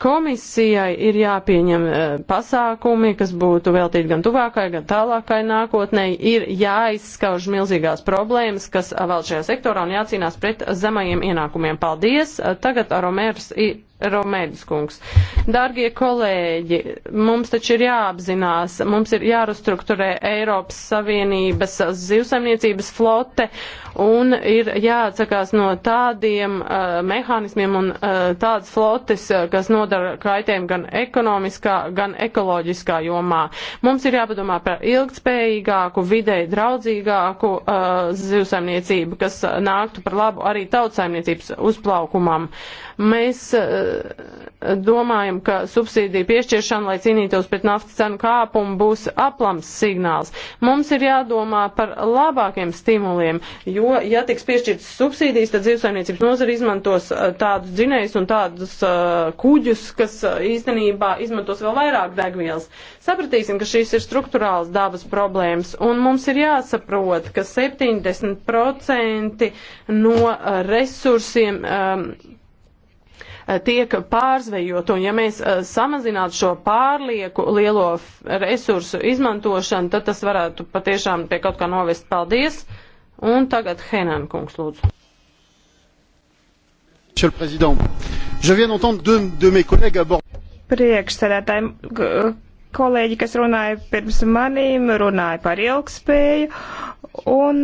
Komisijai ir jāpieņem uh, pasākumi, kas būtu veltīti gan tuvākai, gan tālākai nākotnē. Ir jāizskauž milzīgās problēmas, kas vēl šajā sektorā un jācīnās pret zemajiem ienākumiem. Paldies! Tagad Romērs Romēdis kungs. Dargie kolēģi, mums taču ir jāapzinās, mums ir jārestruktūrē Eiropas Savienības zivsaimniecības flote un ir jāatsakās no tādiem uh, mehānismiem un uh, tādas flotes, uh, kas nodara kaitējumu gan ekonomiskā, gan ekoloģiskā jomā. Mums ir jāpadomā par ilgtspējīgāku, videi draudzīgāku uh, zivsaimniecību, kas nāktu par labu arī tautsaimniecības uzplaukumam. Mēs, uh, domājam, ka subsīdija piešķiršana, lai cīnītos pret naftas cenu kāpumu, būs aplams signāls. Mums ir jādomā par labākiem stimuliem, jo, ja tiks piešķirtas subsīdijas, tad zivsaimniecības nozara izmantos uh, tādus dzinējus un tādus uh, kuģus, kas uh, īstenībā izmantos vēl vairāk degvielas. Sapratīsim, ka šīs ir struktūrāls dabas problēmas, un mums ir jāsaprot, ka 70% no uh, resursiem um, Eh, tiek pārzvejot. Un ja mēs eh, samazinātu šo pārlieku lielo resursu izmantošanu, tad tas varētu patiešām pie kaut kā novest. Paldies! Un tagad Henan kungs lūdzu. Monsieur le Président, je viens d'entendre deux de mes collègues aborder. Priekšsēdētāji, kolēģi, kas runāja pirms manīm, runāja par ilgspēju un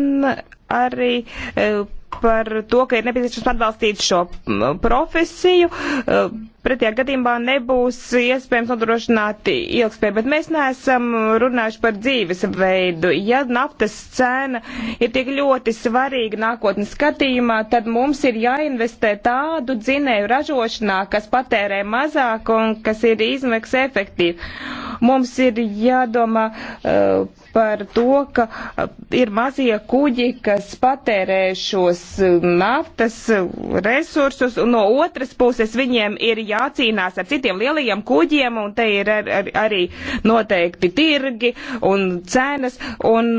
arī eh, par to, ka ir nepieciešams atbalstīt šo profesiju. Uh, Pretējā gadījumā nebūs iespējams nodrošināt ilgspēju, bet mēs neesam runājuši par dzīvesveidu. Ja naftas cena ir tik ļoti svarīga nākotnes skatījumā, tad mums ir jāinvestē tādu dzinēju ražošanā, kas patērē mazāk un kas ir izmeks efektīvi. Mums ir jādomā uh, par to, ka uh, ir mazie kuģi, kas patērē šos uh, naftas uh, resursus, un no otras puses viņiem ir jācīnās ar citiem lielajiem kuģiem, un te ir ar, ar, arī noteikti tirgi un cenas, un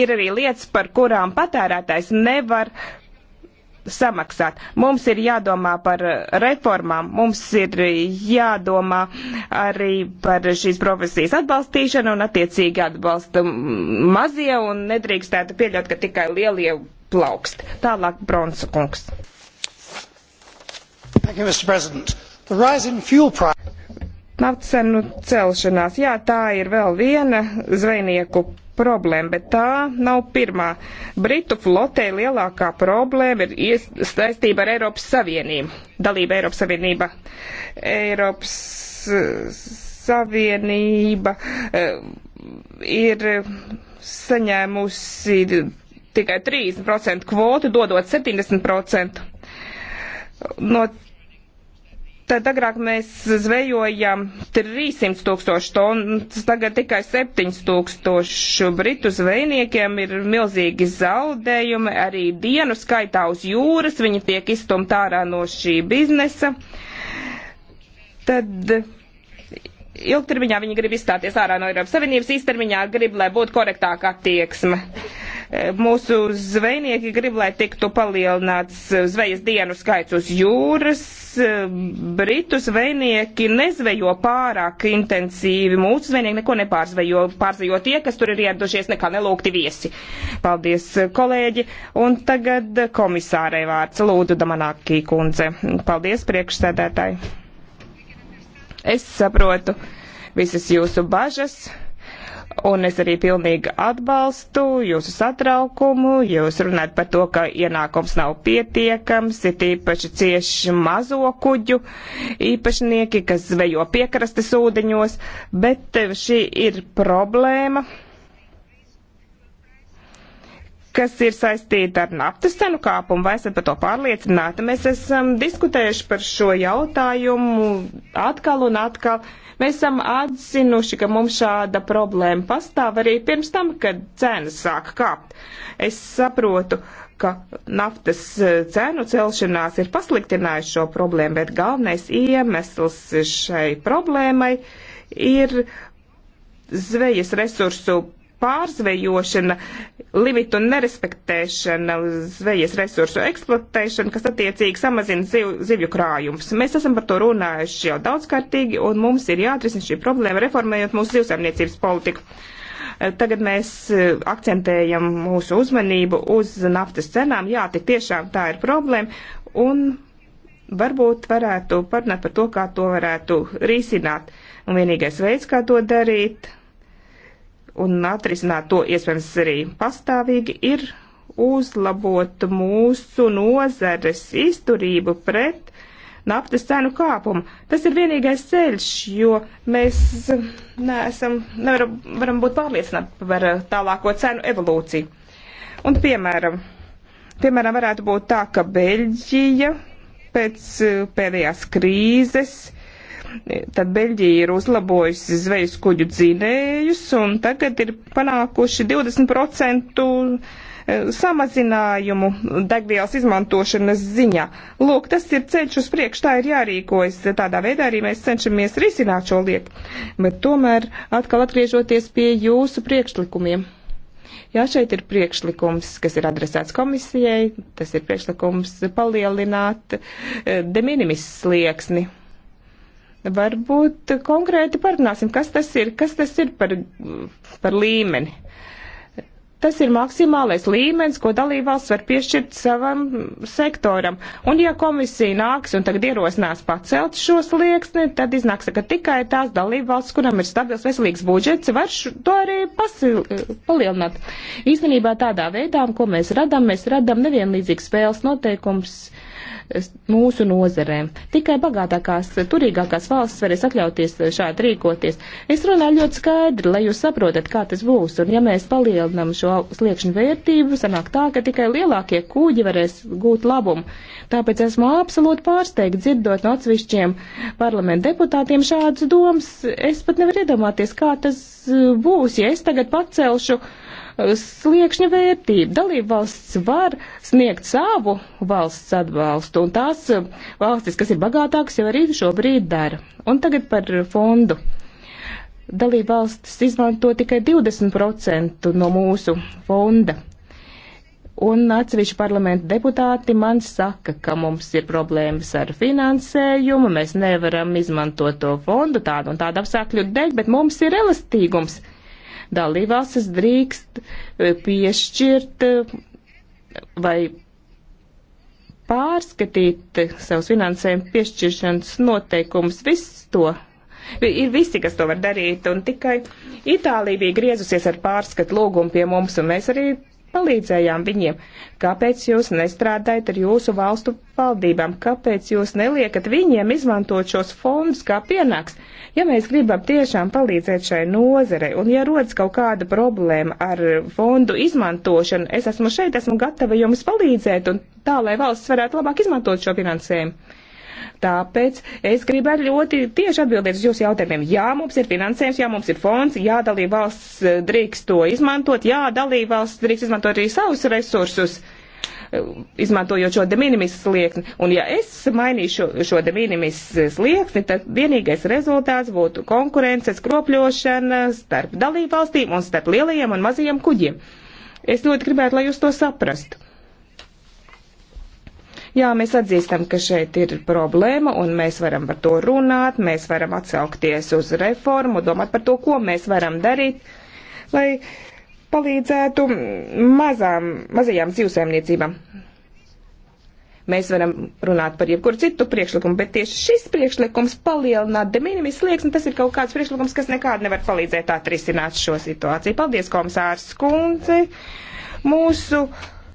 ir arī lietas, par kurām patērētājs nevar samaksāt. Mums ir jādomā par reformām, mums ir jādomā arī par šīs profesijas atbalstīšanu un attiecīgi atbalsta mazie un nedrīkstētu pieļaut, ka tikai lielie plaukst. Tālāk Bronsa kungs mr president the rise in fuel prices naftas cenu celšanās. Jā, tā ir vēl viena zvejnieku problēma, bet tā nav pirmā. Britu flotē lielākā problēma ir saistība ar Eiropas Savienību. Dalība Eiropas Savienība. Eiropas eh, Savienība eh, ir saņēmusi tikai 30% kvotu, dodot 70%. No tad agrāk mēs zvejojam 300 tūkstošu tonu, nu, tagad tikai 7 tūkstošu britu zvejniekiem ir milzīgi zaudējumi, arī dienu skaitā uz jūras, viņi tiek izstumt ārā no šī biznesa. Tad ilgtermiņā viņi grib izstāties ārā no Eiropas Savienības, īstermiņā grib, lai būtu korektāka attieksme. Uh, Mūsu zvejnieki grib, lai tiktu palielināts zvejas dienu skaits uz jūras. Britu zvejnieki nezvejo pārāk intensīvi. Mūsu zvejnieki neko nepārzvejo. Pārzvejo tie, kas tur ir ieradušies, nekā nelūgti viesi. Paldies, kolēģi. Un tagad komisārai vārds. Lūdzu, Damanākī kundze. Paldies, priekšsēdētāji. Es saprotu visas jūsu bažas. Un es arī pilnīgi atbalstu jūsu satraukumu. Jūs runājat par to, ka ienākums nav pietiekams, ir īpaši cieši mazo kuģu īpašnieki, kas zvejo piekrastes ūdeņos, bet šī ir problēma kas ir saistīta ar naftas cenu kāpumu, vai esat par to pārliecināti? Mēs esam diskutējuši par šo jautājumu atkal un atkal. Mēs esam atzinuši, ka mums šāda problēma pastāv arī pirms tam, kad cenas sāk kāpt. Es saprotu, ka naftas eh, cenu celšanās ir pasliktinājuši šo problēmu, bet galvenais iemesls šai problēmai ir zvejas resursu pārzvejošana, limitu nerespektēšana, zvejas resursu eksploatēšana, kas attiecīgi samazina ziv, zivju krājumus. Mēs esam par to runājuši jau daudzkārtīgi, un mums ir jāatrisina šī problēma, reformējot mūsu zivsaimniecības politiku. Tagad mēs eh, akcentējam mūsu uzmanību uz naftas cenām. Jā, tik tiešām tā ir problēma, un varbūt varētu parunāt par to, kā to varētu risināt. Un vienīgais veids, kā to darīt, un atrisināt to iespējams arī pastāvīgi, ir uzlabot mūsu nozares izturību pret naftas cenu kāpumu. Tas ir vienīgais ceļš, jo mēs neesam, nevaram varam būt pārliecināti par tālāko cenu evolūciju. Un, piemēram, piemēram, varētu būt tā, ka Beļģija pēc pēdējās krīzes Tad Beļģija ir uzlabojusi zvejas kuģu dzinējus un tagad ir panākuši 20% e, samazinājumu degvielas izmantošanas ziņā. Lūk, tas ir ceļš uz priekšu, tā ir jārīkojas. Tādā veidā arī mēs cenšamies risināt šo lietu. Bet tomēr atkal atgriežoties pie jūsu priekšlikumiem. Jā, šeit ir priekšlikums, kas ir adresēts komisijai, tas ir priekšlikums palielināt e, de minimis slieksni Varbūt konkrēti parunāsim, kas tas ir, kas tas ir par, par līmeni. Tas ir maksimālais līmenis, ko dalībvalsts var piešķirt savam sektoram. Un ja komisija nāks un tagad ierosinās pacelt šo slieksni, tad iznāks, ka tikai tās dalībvalsts, kuram ir stabils veselīgs budžets, var to arī palielināt. Īstenībā tādā veidā, ko mēs radām, mēs radām nevienlīdzīgas spēles noteikums mūsu nozerēm. Tikai bagātākās, turīgākās valsts varēs atļauties eh, šādi rīkoties. Es runāju ļoti skaidri, lai jūs saprotat, kā tas būs. Un ja mēs palielinam šo sliekšņu vērtību, sanāk tā, ka tikai lielākie kūģi varēs gūt labumu. Tāpēc esmu absolūti pārsteigts dzirdot no atsevišķiem parlamenta deputātiem šādas domas. Es pat nevaru iedomāties, kā tas eh, būs, ja es tagad pacelšu uh, sliekšņa vērtība. Dalībvalsts var sniegt savu valsts atbalstu, un tās eh, valstis, kas ir bagātākas, jau arī šobrīd dara. Un tagad par fondu. Dalībvalstis izmanto tikai 20% no mūsu fonda. Un atsevišķi parlamenta deputāti man saka, ka mums ir problēmas ar finansējumu, mēs nevaram izmantot to fondu tādu un tādu apsākļu dēļ, bet mums ir elastīgums Dalībvalstis drīkst e, piešķirt e, vai pārskatīt savus finansējumu piešķiršanas noteikumus. Viss to ir visi, kas to var darīt, un tikai Itālija bija griezusies ar pārskatu lūgumu pie mums, un mēs arī palīdzējām viņiem. Kāpēc jūs nestrādājat ar jūsu valstu valdībām? Kāpēc jūs neliekat viņiem izmantot šos fondus kā pienāks? Ja mēs gribam tiešām palīdzēt šai nozarei, un ja rodas kaut kāda problēma ar fondu izmantošanu, es esmu šeit, esmu gatava jums palīdzēt, un tā, lai valsts varētu labāk izmantot šo finansējumu. Tāpēc es gribētu ļoti tieši atbildēt uz jūsu jautājumiem. Jā, mums ir finansējums, jā, mums ir fonds, jā, dalība valsts eh, drīkst to izmantot, jā, dalība valsts drīkst izmantot arī savus resursus eh, izmantojot šo deminimis slieksni. Un ja es mainīšu šo, šo deminimis slieksni, tad vienīgais rezultāts būtu konkurences kropļošana starp dalībvalstīm un starp lielajiem un mazajiem kuģiem. Es ļoti gribētu, lai jūs to saprastu. Jā, mēs atzīstam, ka šeit ir problēma un mēs varam par to runāt, mēs varam atsaukties uz reformu, domāt par to, ko mēs varam darīt, lai palīdzētu mazām, mazajām dzīvsēmniecībām. Mēs varam runāt par jebkuru citu priekšlikumu, bet tieši šis priekšlikums palielināt de minimis slieksni, tas ir kaut kāds priekšlikums, kas nekādi nevar palīdzēt atrisināt šo situāciju. Paldies, komisārs Kunze! Mūsu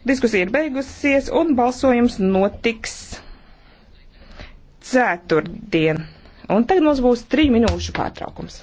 Diskusija ir beigusies un balsojums notiks ceturtdien. Un tagad mums būs trīs minūšu pārtraukums.